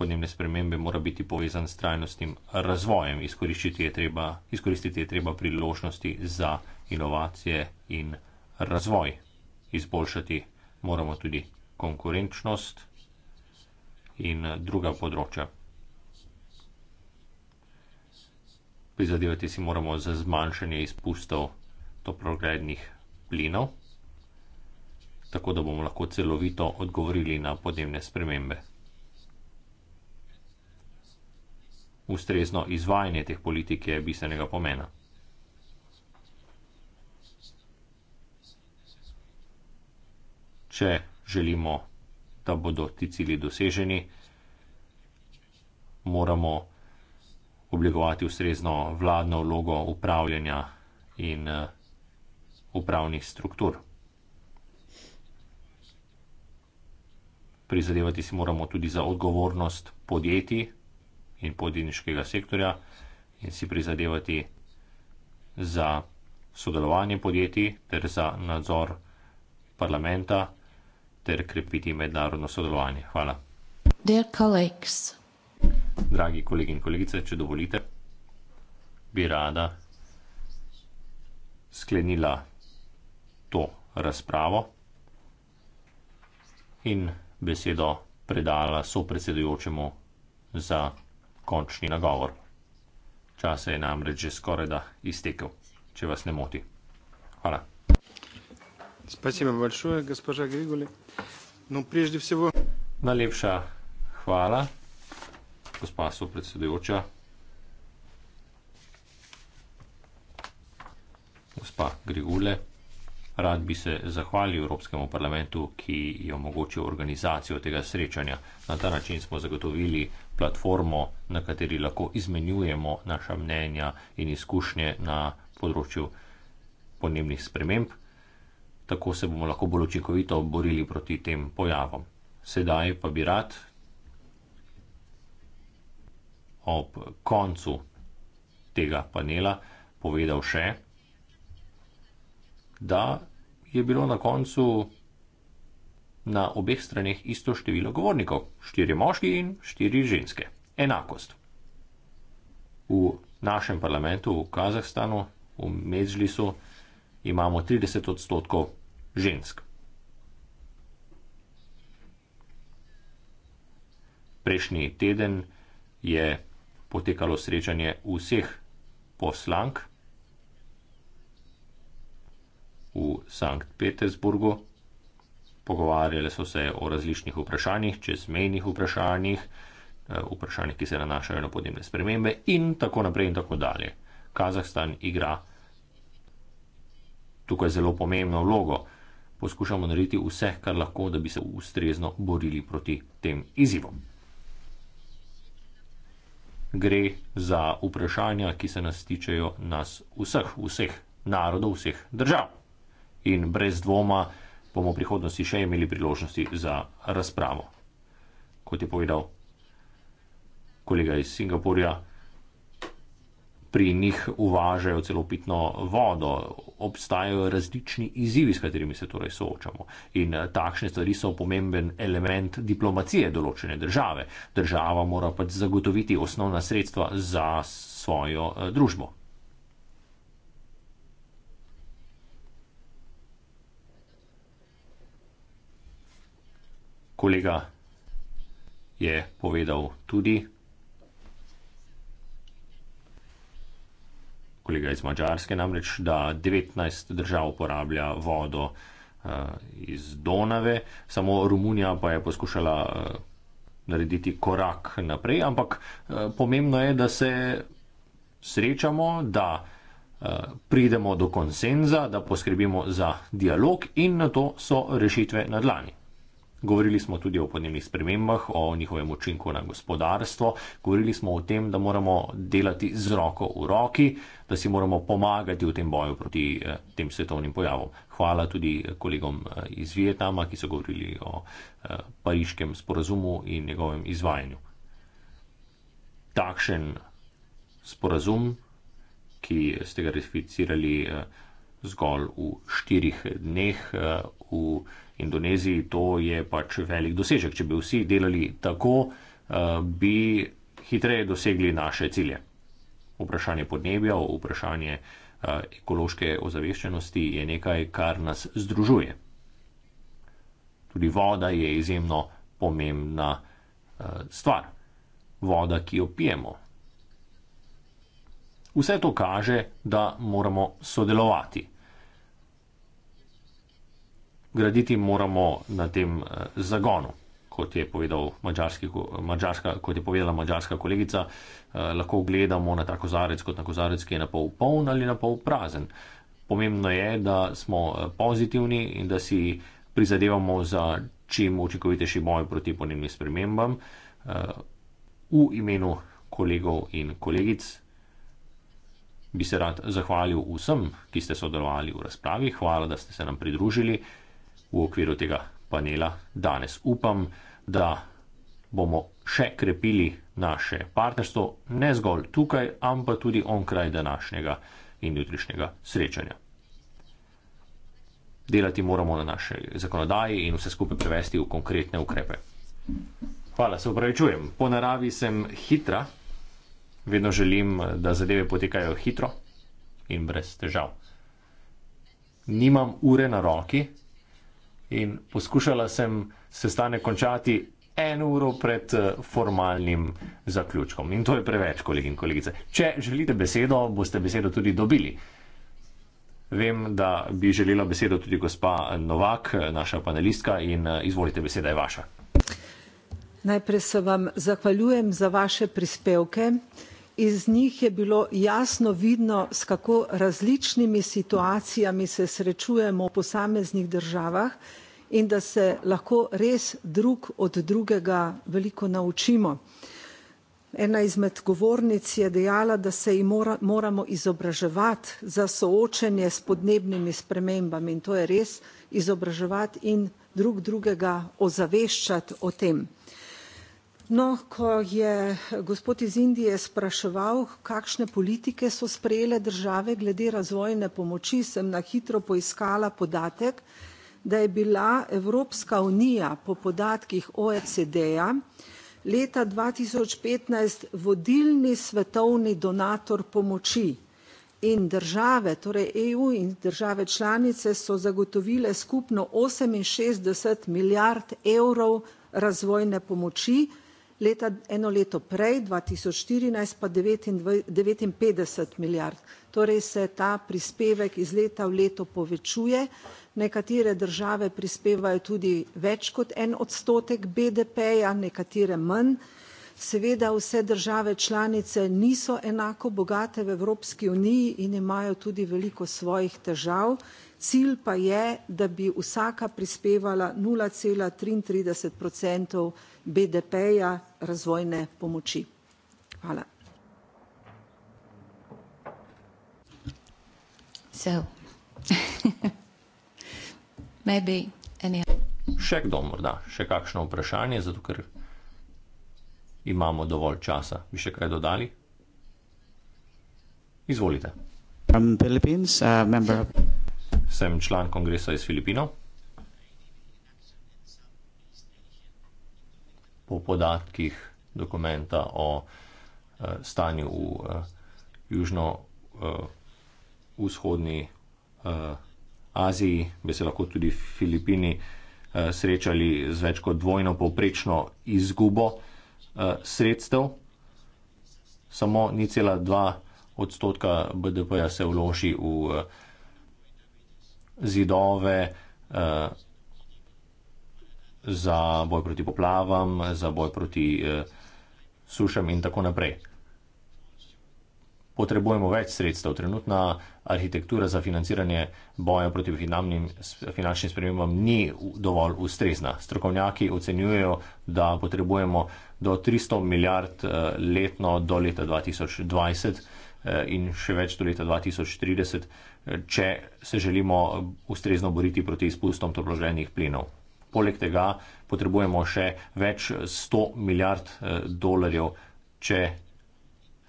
podnebne spremembe mora biti povezan s trajnostnim razvojem. Izkoristiti je treba, izkoristiti je treba priložnosti za inovacije in razvoj. Izboljšati moramo tudi konkurenčnost in druga področja. Prizadevati si moramo za zmanjšanje izpustov toplogrednih plinov tako da bomo lahko celovito odgovorili na podnebne spremembe. Ustrezno izvajanje teh politik je bistvenega pomena. Če želimo, da bodo ti cili doseženi, moramo oblikovati ustrezno vladno vlogo upravljanja in eh, upravnih struktur. prizadevati si moramo tudi za odgovornost podjetij in podjetniškega sektorja in si prizadevati za sodelovanje podjetij ter za nadzor parlamenta ter krepiti mednarodno sodelovanje. Hvala. Dear colleagues. Dragi kolegi in kolegice, če dovolite, bi rada sklenila to razpravo in besedo predala sopredsedujočemu za končni nagovor. Čas je namreč že skoraj da iztekel, če vas ne moti. Hvala. Najlepša hvala, gospa sopredsedujoča. Gospa Grigule. Rad bi se zahvalil Evropskemu parlamentu, ki je omogočil organizacijo tega srečanja. Na ta način smo zagotovili platformo, na kateri lahko izmenjujemo naša mnenja in izkušnje na področju podnebnih sprememb. Tako se bomo lahko bolj učinkovito borili proti tem pojavom. Sedaj pa bi rad ob koncu tega panela povedal še, da je bilo na koncu na obeh straneh isto število govornikov, štiri moški in štiri ženske. Enakost. V našem parlamentu v Kazahstanu, v Medžlisu, imamo 30 odstotkov žensk. Prejšnji teden je potekalo srečanje vseh poslank v Sankt Petersburgu. Pogovarjali so se o različnih vprašanjih, čezmejnih vprašanjih, eh, vprašanjih, ki se nanašajo na podnebne spremembe in tako naprej in tako dalje. Kazahstan igra tukaj zelo pomembno vlogo. Poskušamo narediti vse, kar lahko, da bi se ustrezno borili proti tem izzivom. Gre za vprašanja, ki se nas tičejo nas vseh, vseh narodov, vseh držav in brez dvoma bomo v prihodnosti še imeli priložnosti za razpravo. Kot je povedal kolega iz Singapurja, pri njih uvažajo celo pitno vodo, obstajajo različni izzivi, s katerimi se torej soočamo. In eh, takšne stvari so pomemben element diplomacije določene države. Država mora pač zagotoviti osnovna sredstva za svojo eh, družbo. kolega je povedal tudi. Kolega iz Mačarske namreč, da 19 držav uporablja vodo uh, iz Donave, samo Romunija pa je poskušala uh, narediti korak naprej, ampak uh, pomembno je, da se srečamo, da uh, pridemo do konsenza, da poskrbimo za dialog in na to so rešitve na dlani. Govorili smo tudi o podnebnih spremembah, o njihovem učinku na gospodarstvo, govorili smo o tem, da moramo delati z roko v roki, da si moramo pomagati v tem boju proti eh, tem svetovnim pojavom. Hvala tudi eh, kolegom eh, iz Vietnama, ki so govorili o pariškem sporazumu in njegovem izvajanju. Takšen sporazum, ki ste ga ratificirali zgolj v štirih dneh v. Indoneziji to je pač velik dosežek. Če bi vsi delali tako, eh, bi hitreje dosegli naše cilje. Vprašanje podnebja, vprašanje eh, ekološke ozaveščenosti je nekaj, kar nas združuje. Tudi voda je izjemno pomembna eh, stvar. Voda, ki jo pijemo. Vse to kaže, da moramo sodelovati graditi moramo na tem eh, zagonu, kot je, mađarska, kot je povedala mađarska kolegica, eh, lahko gledamo na ta kozarec kot na kozarec, ki je na pol poln ali na pol prazen. Pomembno je, da smo eh, pozitivni in da si prizadevamo za čim učinkovitejši boj proti ponemnim spremembam v imenu kolegov in kolegic. Bi se rad zahvalil vsem, ki ste sodelovali v razpravi. Hvala, da ste se nam pridružili v okviru tega panela danes. Upam, da bomo še krepili naše partnerstvo, ne zgolj tukaj, ampak tudi onkraj današnjega in jutrišnjega srečanja. Delati moramo na naše zakonodaji in vse skupaj prevesti v konkretne ukrepe. Hvala, se upravičujem. Po naravi sem hitra, vedno želim, da zadeve potekajo hitro in brez težav. Nimam ure na roki, in poskušala sem sestanek končati en uro pred eh, formalnim zaključkom. In to je preveč, kolegi in kolegice. Če želite besedo, boste besedo tudi dobili. Vem, da bi želela besedo tudi gospa Novak, naša panelistka, in eh, izvolite, beseda je vaša. Najprej se vam zahvaljujem za vaše prispevke iz njih je bilo jasno vidno, s kako različnimi situacijami se srečujemo v posameznih državah in da se lahko res drug od drugega veliko naučimo. Ena izmed govornic je dejala, da se mora, moramo izobraževati za soočenje s podnebnimi spremembami in to je res izobraževati in drug drugega ozaveščati o tem. No, ko je gospod iz Indije spraševal, kakšne politike so sprejele države glede razvojne pomoči, sem na hitro poiskala podatek, da je bila Evropska unija po podatkih OECD-ja leta 2015 vodilni svetovni donator pomoči. In države, torej EU in države članice so zagotovile skupno 68 milijard evrov razvojne pomoči, leta eno leto prej, 2014 pa 59 milijard. Torej se ta prispevek iz leta v leto povečuje. Nekatere države prispevajo tudi več kot en odstotek BDP-ja, nekatere manj. Seveda vse države članice niso enako bogate v Evropski uniji in imajo tudi veliko svojih težav cilj pa je, da bi vsaka prispevala 0,33 odstotkov BDP-ja razvojne pomoči. Hvala. Any... Še kdo morda, še kakšno vprašanje, zato ker imamo dovolj časa, bi še kaj dodali? Izvolite. From Philippines, a uh, member of sem član kongresa iz Filipinov. Po podatkih dokumenta o eh, stanju v eh, južno-vzhodni eh, eh, Aziji, bi se lahko tudi Filipini eh, srečali z več kot dvojno povprečno izgubo eh, sredstev. Samo 0,2 odstotka BDP-ja se vloži v eh, zidove eh, za boj proti poplavam, za boj proti eh, sušem in tako naprej. Potrebujemo več sredstev. Trenutna arhitektura za financiranje boja proti finančnim spremembam ni dovolj ustrezna. Strokovnjaki ocenjujejo, da potrebujemo do 300 milijard eh, letno do leta 2020 eh, in še več do leta 2030 če se želimo ustrezno boriti proti izpustom toploženih plinov. Poleg tega potrebujemo še več 100 milijard eh, dolarjev, če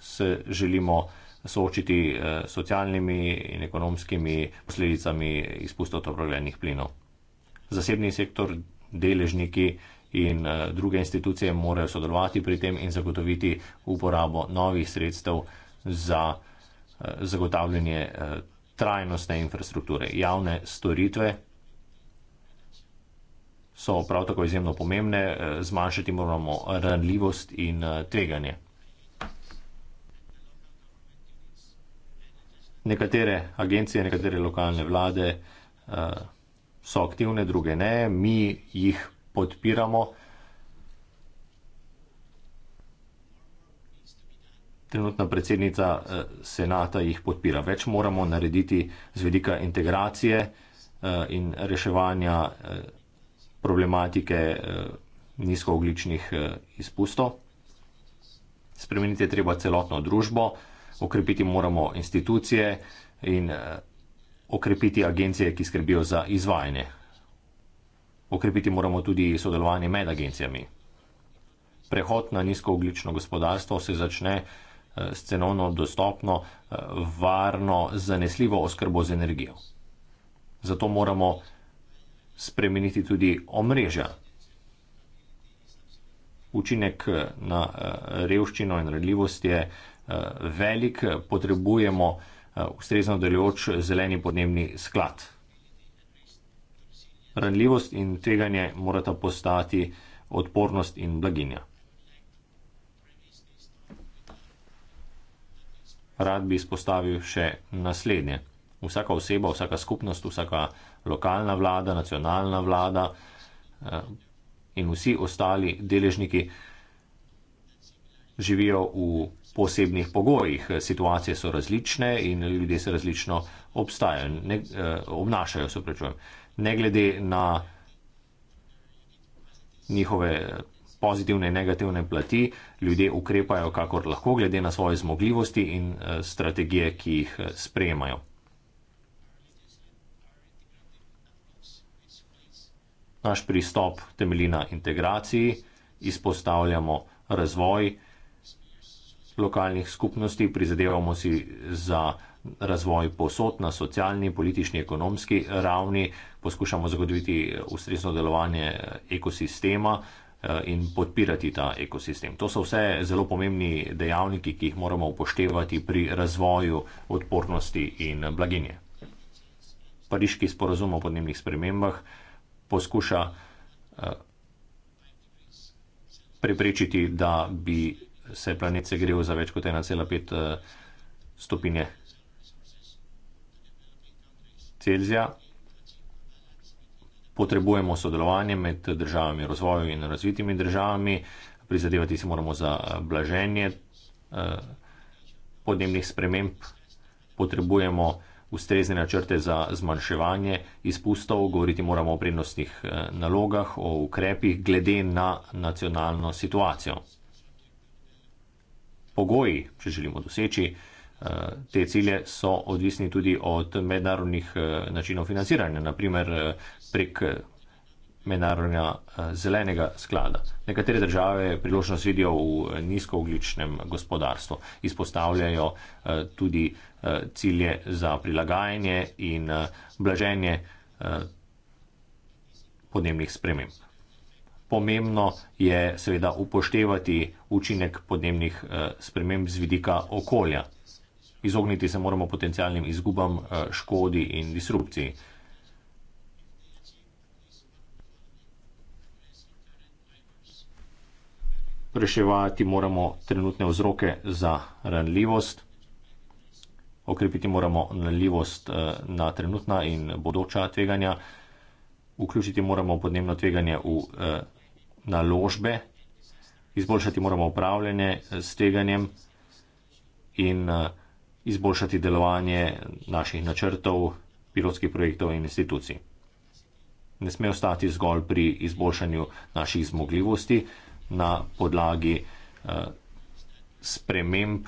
se želimo soočiti eh, s socialnimi in ekonomskimi posledicami izpustov toploženih plinov. Zasebni sektor, deležniki in eh, druge institucije morajo sodelovati pri tem in zagotoviti uporabo novih sredstev za zagotavljanje trajnostne infrastrukture, javne storitve so prav tako izjemno pomembne, eh, zmanjšati moramo ranljivost in eh, tveganje. Nekatere agencije, nekatere lokalne vlade eh, so aktivne, druge ne, mi jih podpiramo. trenutna predsednica eh, senata jih podpira. Več moramo narediti z vedika integracije eh, in reševanja eh, problematike nizkoogličnih izpustov. Spremeniti je treba celotno družbo, okrepiti moramo institucije in okrepiti agencije, ki skrbijo za izvajanje. Okrepiti moramo tudi sodelovanje med agencijami. Prehod na nizkooglično gospodarstvo se začne cenovno dostopno, varno, zanesljivo oskrbo z energijo. Zato moramo spremeniti tudi omrežja. Učinek na revščino in radljivost je velik, potrebujemo ustrezno delujoč zeleni podnebni sklad. Ranljivost in tveganje morata postati odpornost in blaginja. rad bi izpostavil še naslednje. Vsaka oseba, vsaka skupnost, vsaka lokalna vlada, nacionalna vlada eh, in vsi ostali deležniki živijo v posebnih pogojih. Situacije so različne in ljudje se različno obstajajo, ne, eh, obnašajo, se prečujem. Ne glede na njihove pozitivne in negativne plati, ljudje ukrepajo, kakor lahko, glede na svoje zmogljivosti in eh, strategije, ki jih eh, sprejemajo. Naš pristop temelji na integraciji, izpostavljamo razvoj lokalnih skupnosti, prizadevamo si za razvoj posod na socialni, politični, ekonomski ravni, poskušamo zagotoviti eh, ustrezno delovanje ekosistema, Eh, in podpirati ta ekosistem. To so vse zelo pomembni dejavniki, ki jih moramo upoštevati pri razvoju odpornosti in blaginje. Pariški sporozum o podnebnih spremembah poskuša eh, preprečiti, da bi se planet segrel za več kot 1,5 eh, stopinje Celzija potrebujemo sodelovanje med državami razvoju in razvitimi državami, prizadevati si moramo za eh, blaženje eh, podnebnih sprememb, potrebujemo ustrezne načrte za zmanjševanje izpustov, govoriti moramo o prednostnih eh, nalogah, o ukrepih glede na nacionalno situacijo. Pogoji, če želimo doseči, Te cilje so odvisni tudi od mednarodnih eh, načinov financiranja, naprimer eh, prek mednarodnega eh, zelenega sklada. Nekatere države priložnost vidijo v nizkoogličnem gospodarstvu, izpostavljajo tudi cilje za prilagajanje in blaženje podnebnih sprememb. Pomembno je seveda upoštevati učinek podnebnih sprememb z vidika okolja izogniti se moramo potencijalnim izgubam, eh, škodi in disrupciji. Reševati moramo trenutne vzroke za ranljivost, okrepiti moramo ranljivost eh, na trenutna in bodoča tveganja, vključiti moramo podnebno tveganje v eh, naložbe, izboljšati moramo upravljanje s tveganjem in izboljšati delovanje naših načrtov, pilotskih projektov in institucij. Ne sme ostati zgolj pri izboljšanju naših zmogljivosti na podlagi eh, sprememb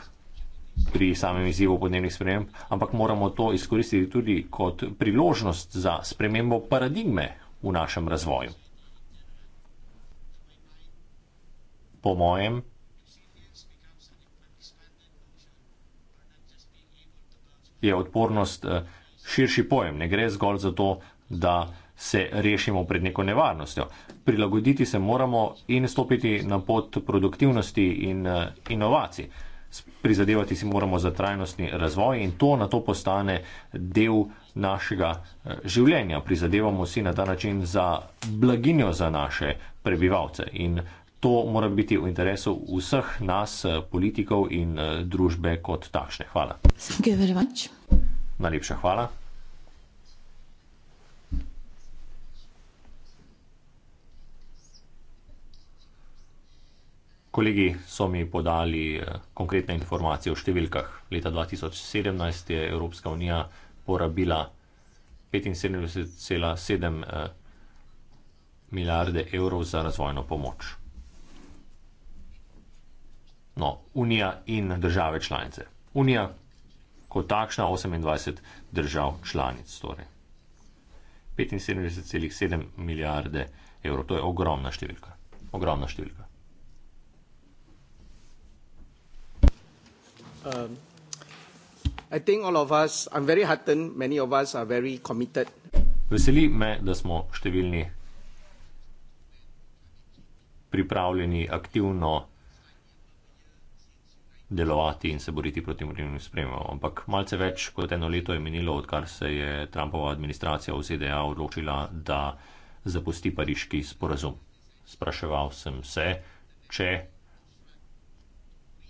pri samem izzivu podnebnih sprememb, ampak moramo to izkoristiti tudi kot priložnost za spremembo paradigme v našem razvoju. Po mojem je odpornost eh, širši pojem, ne gre zgolj za to, da se rešimo pred neko nevarnostjo. Prilagoditi se moramo in stopiti na pot produktivnosti in eh, inovacij. Prizadevati si moramo za trajnostni razvoj in to na to postane del našega eh, življenja. Prizadevamo si na ta način za blaginjo za naše prebivalce in prebivalce to mora biti v interesu vseh nas, eh, politikov in eh, družbe kot takšne. Hvala. Najlepša hvala. Kolegi so mi podali eh, konkretne informacije o številkah. Leta 2017 je Evropska unija porabila 75,7 milijarde evrov za razvojno pomoč no, Unija in države članice. Unija kot takšna 28 držav članic, torej 75,7 milijarde evrov. To je ogromna številka. Ogromna številka. Um. I think all of us, I'm very heartened, many of us are very committed. Veseli me, da smo številni pripravljeni aktivno delovati in se boriti proti vrnilnim spremembam. Ampak malce več kot eno leto je minilo, odkar se je Trumpova administracija v ZDA odločila, da zapusti pariški sporazum. Spraševal sem se, če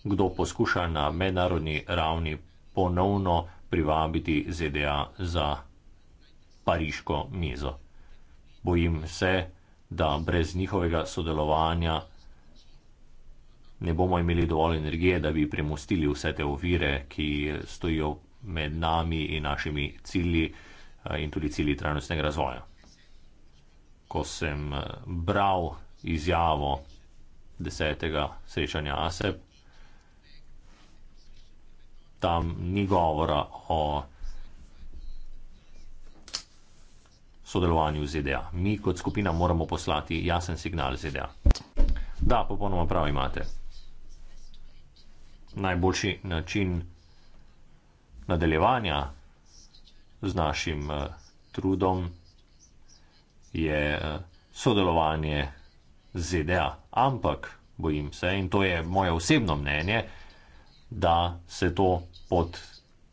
kdo poskuša na mednarodni ravni ponovno privabiti ZDA za pariško mizo. Bojim se, da brez njihovega sodelovanja ne bomo imeli dovolj energije, da bi premostili vse te ovire, ki stojijo med nami in našimi cilji eh, in tudi cilji trajnostnega razvoja. Ko sem eh, bral izjavo desetega srečanja ASEP, tam ni govora o sodelovanju ZDA. E Mi kot skupina moramo poslati jasen signal ZDA. E da, popolnoma prav imate najboljši način nadaljevanja z našim eh, trudom je eh, sodelovanje z ZDA. Ampak bojim se, in to je moje osebno mnenje, da se to pod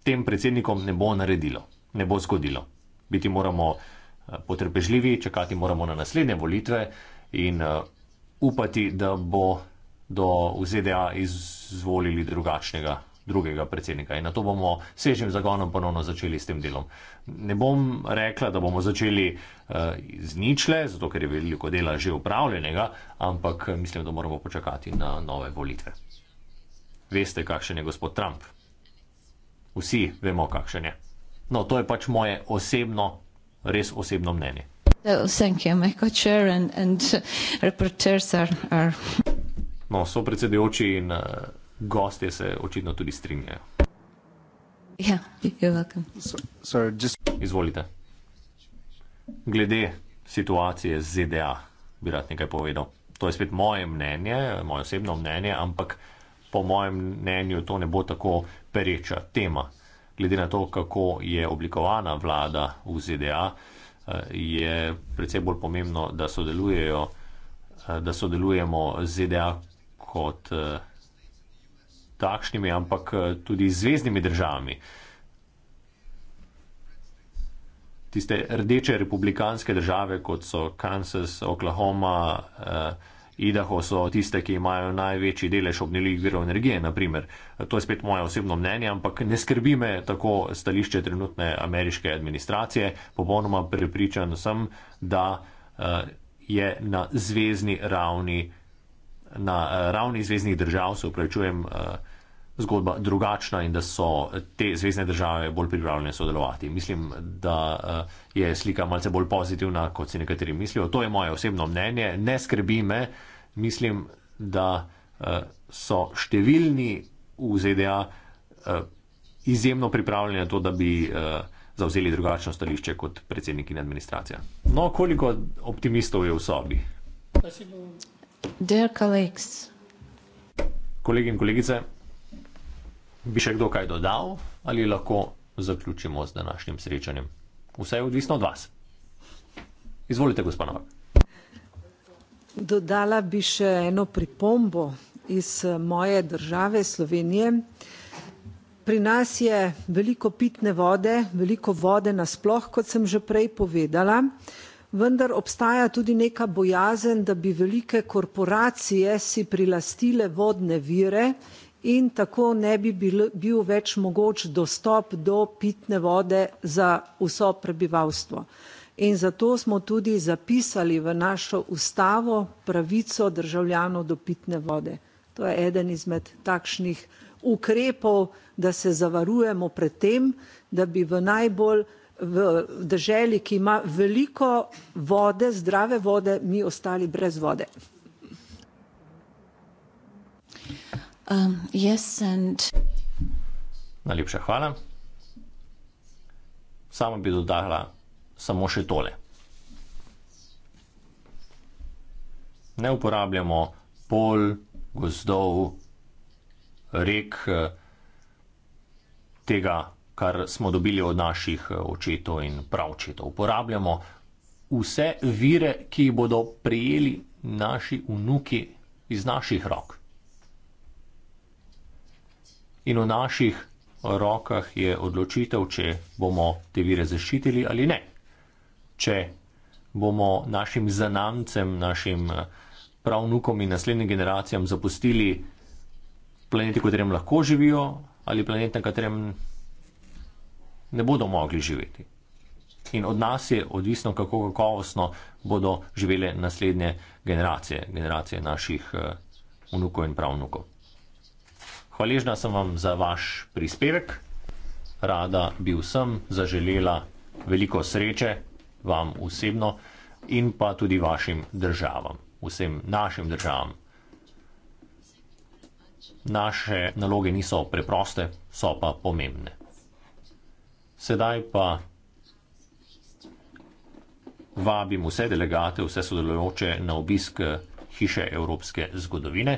tem predsednikom ne bo naredilo, ne bo zgodilo. Biti moramo eh, potrpežljivi, čakati moramo na naslednje volitve in upati, da bo do v ZDA izvolili drugačnega. Drugega predsednika. In na to bomo s svežim zagonom ponovno začeli s tem delom. Ne bom rekla, da bomo začeli uh, z ničle, zato ker je veliko dela že upravljenega, ampak eh, mislim, da moramo počakati na nove volitve. Veste, kakšen je gospod Trump? Vsi vemo, kakšen je. No, to je pač moje osebno, res osebno mnenje. Hvala, Mehko, čir in reporterji so. No, so predsedujoči in uh, gostje se očitno tudi strinjajo. Ja, je vlaken. Izvolite. Glede situacije z ZDA, bi rad nekaj povedal. To je spet moje mnenje, moje osebno mnenje, ampak po mojem mnenju to ne bo tako pereča tema. Glede na to, kako je oblikovana vlada v ZDA, eh, je predvsej bolj pomembno, da, eh, da sodelujemo z ZDA kot eh, takšnimi, ampak eh, tudi zvezdnimi državami. Tiste rdeče republikanske države, kot so Kansas, Oklahoma, eh, Idaho, so tiste, ki imajo največji delež obnovljivih virov energije, naprimer. To je spet moje osebno mnenje, ampak ne skrbi me tako stališče trenutne ameriške administracije. Popolnoma prepričan sem, da eh, je na zvezdni ravni eh, na eh, ravni zvezdnih držav, se upravičujem, eh, zgodba drugačna in da so te zvezdne države bolj pripravljene sodelovati. Mislim, da eh, je slika malce bolj pozitivna, kot si nekateri mislijo. To je moje osebno mnenje. Ne skrbi me, mislim, da so številni v ZDA izjemno pripravljeni na to, da bi zauzeli drugačno stališče kot predsedniki in administracija. No, koliko optimistov je v sobi? Kolegi in kolegice, bi še kdo kaj dodal ali lahko zaključimo z današnjim srečanjem? Vse je odvisno od vas. Izvolite, gospod Novak. Dodala bi še eno pripombo iz eh, moje države Slovenije. Pri nas je veliko pitne vode, veliko vode nasploh, kot sem že prej povedala. Vendar obstaja tudi neka bojazen, da bi velike korporacije si prilastile vodne vire in tako ne bi bil, bil več mogoč dostop do pitne vode za vso prebivalstvo. In zato smo tudi zapisali v našo ustavo pravico državljanov do pitne vode. To je eden izmed takšnih ukrepov, da se zavarujemo pred tem, da bi v najbolj v državi, ki ima veliko vode, zdrave vode, mi ostali brez vode. Um, yes and... Najlepša hvala. Sama bi dodala samo še tole. Ne uporabljamo pol, gozdov, rek eh, tega kar smo dobili od naših eh, očetov in pravčetov. Uporabljamo vse vire, ki jih bodo prijeli naši vnuki iz naših rok. In v naših rokah je odločitev, če bomo te vire zaščitili ali ne. Če bomo našim zanamcem, našim eh, pravnukom in naslednjim generacijam zapustili planeti, v katerem lahko živijo, ali planet, na katerem ne bodo mogli živeti. In od nas je odvisno, kako kakovostno bodo živele naslednje generacije, generacije naših eh, vnukov in pravnukov. Hvaležna sem vam za vaš prispevek, rada bi vsem zaželela veliko sreče, vam osebno in pa tudi vašim državam, vsem našim državam. Naše naloge niso preproste, so pa pomembne. Sedaj pa vabim vse delegate, vse sodelujoče na obisk hiše evropske zgodovine,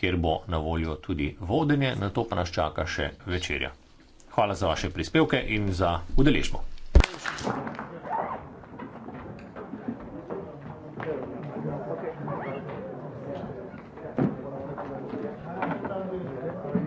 kjer bo na voljo tudi vodenje, na to pa nas čaka še večerja. Hvala za vaše prispevke in za udeležbo.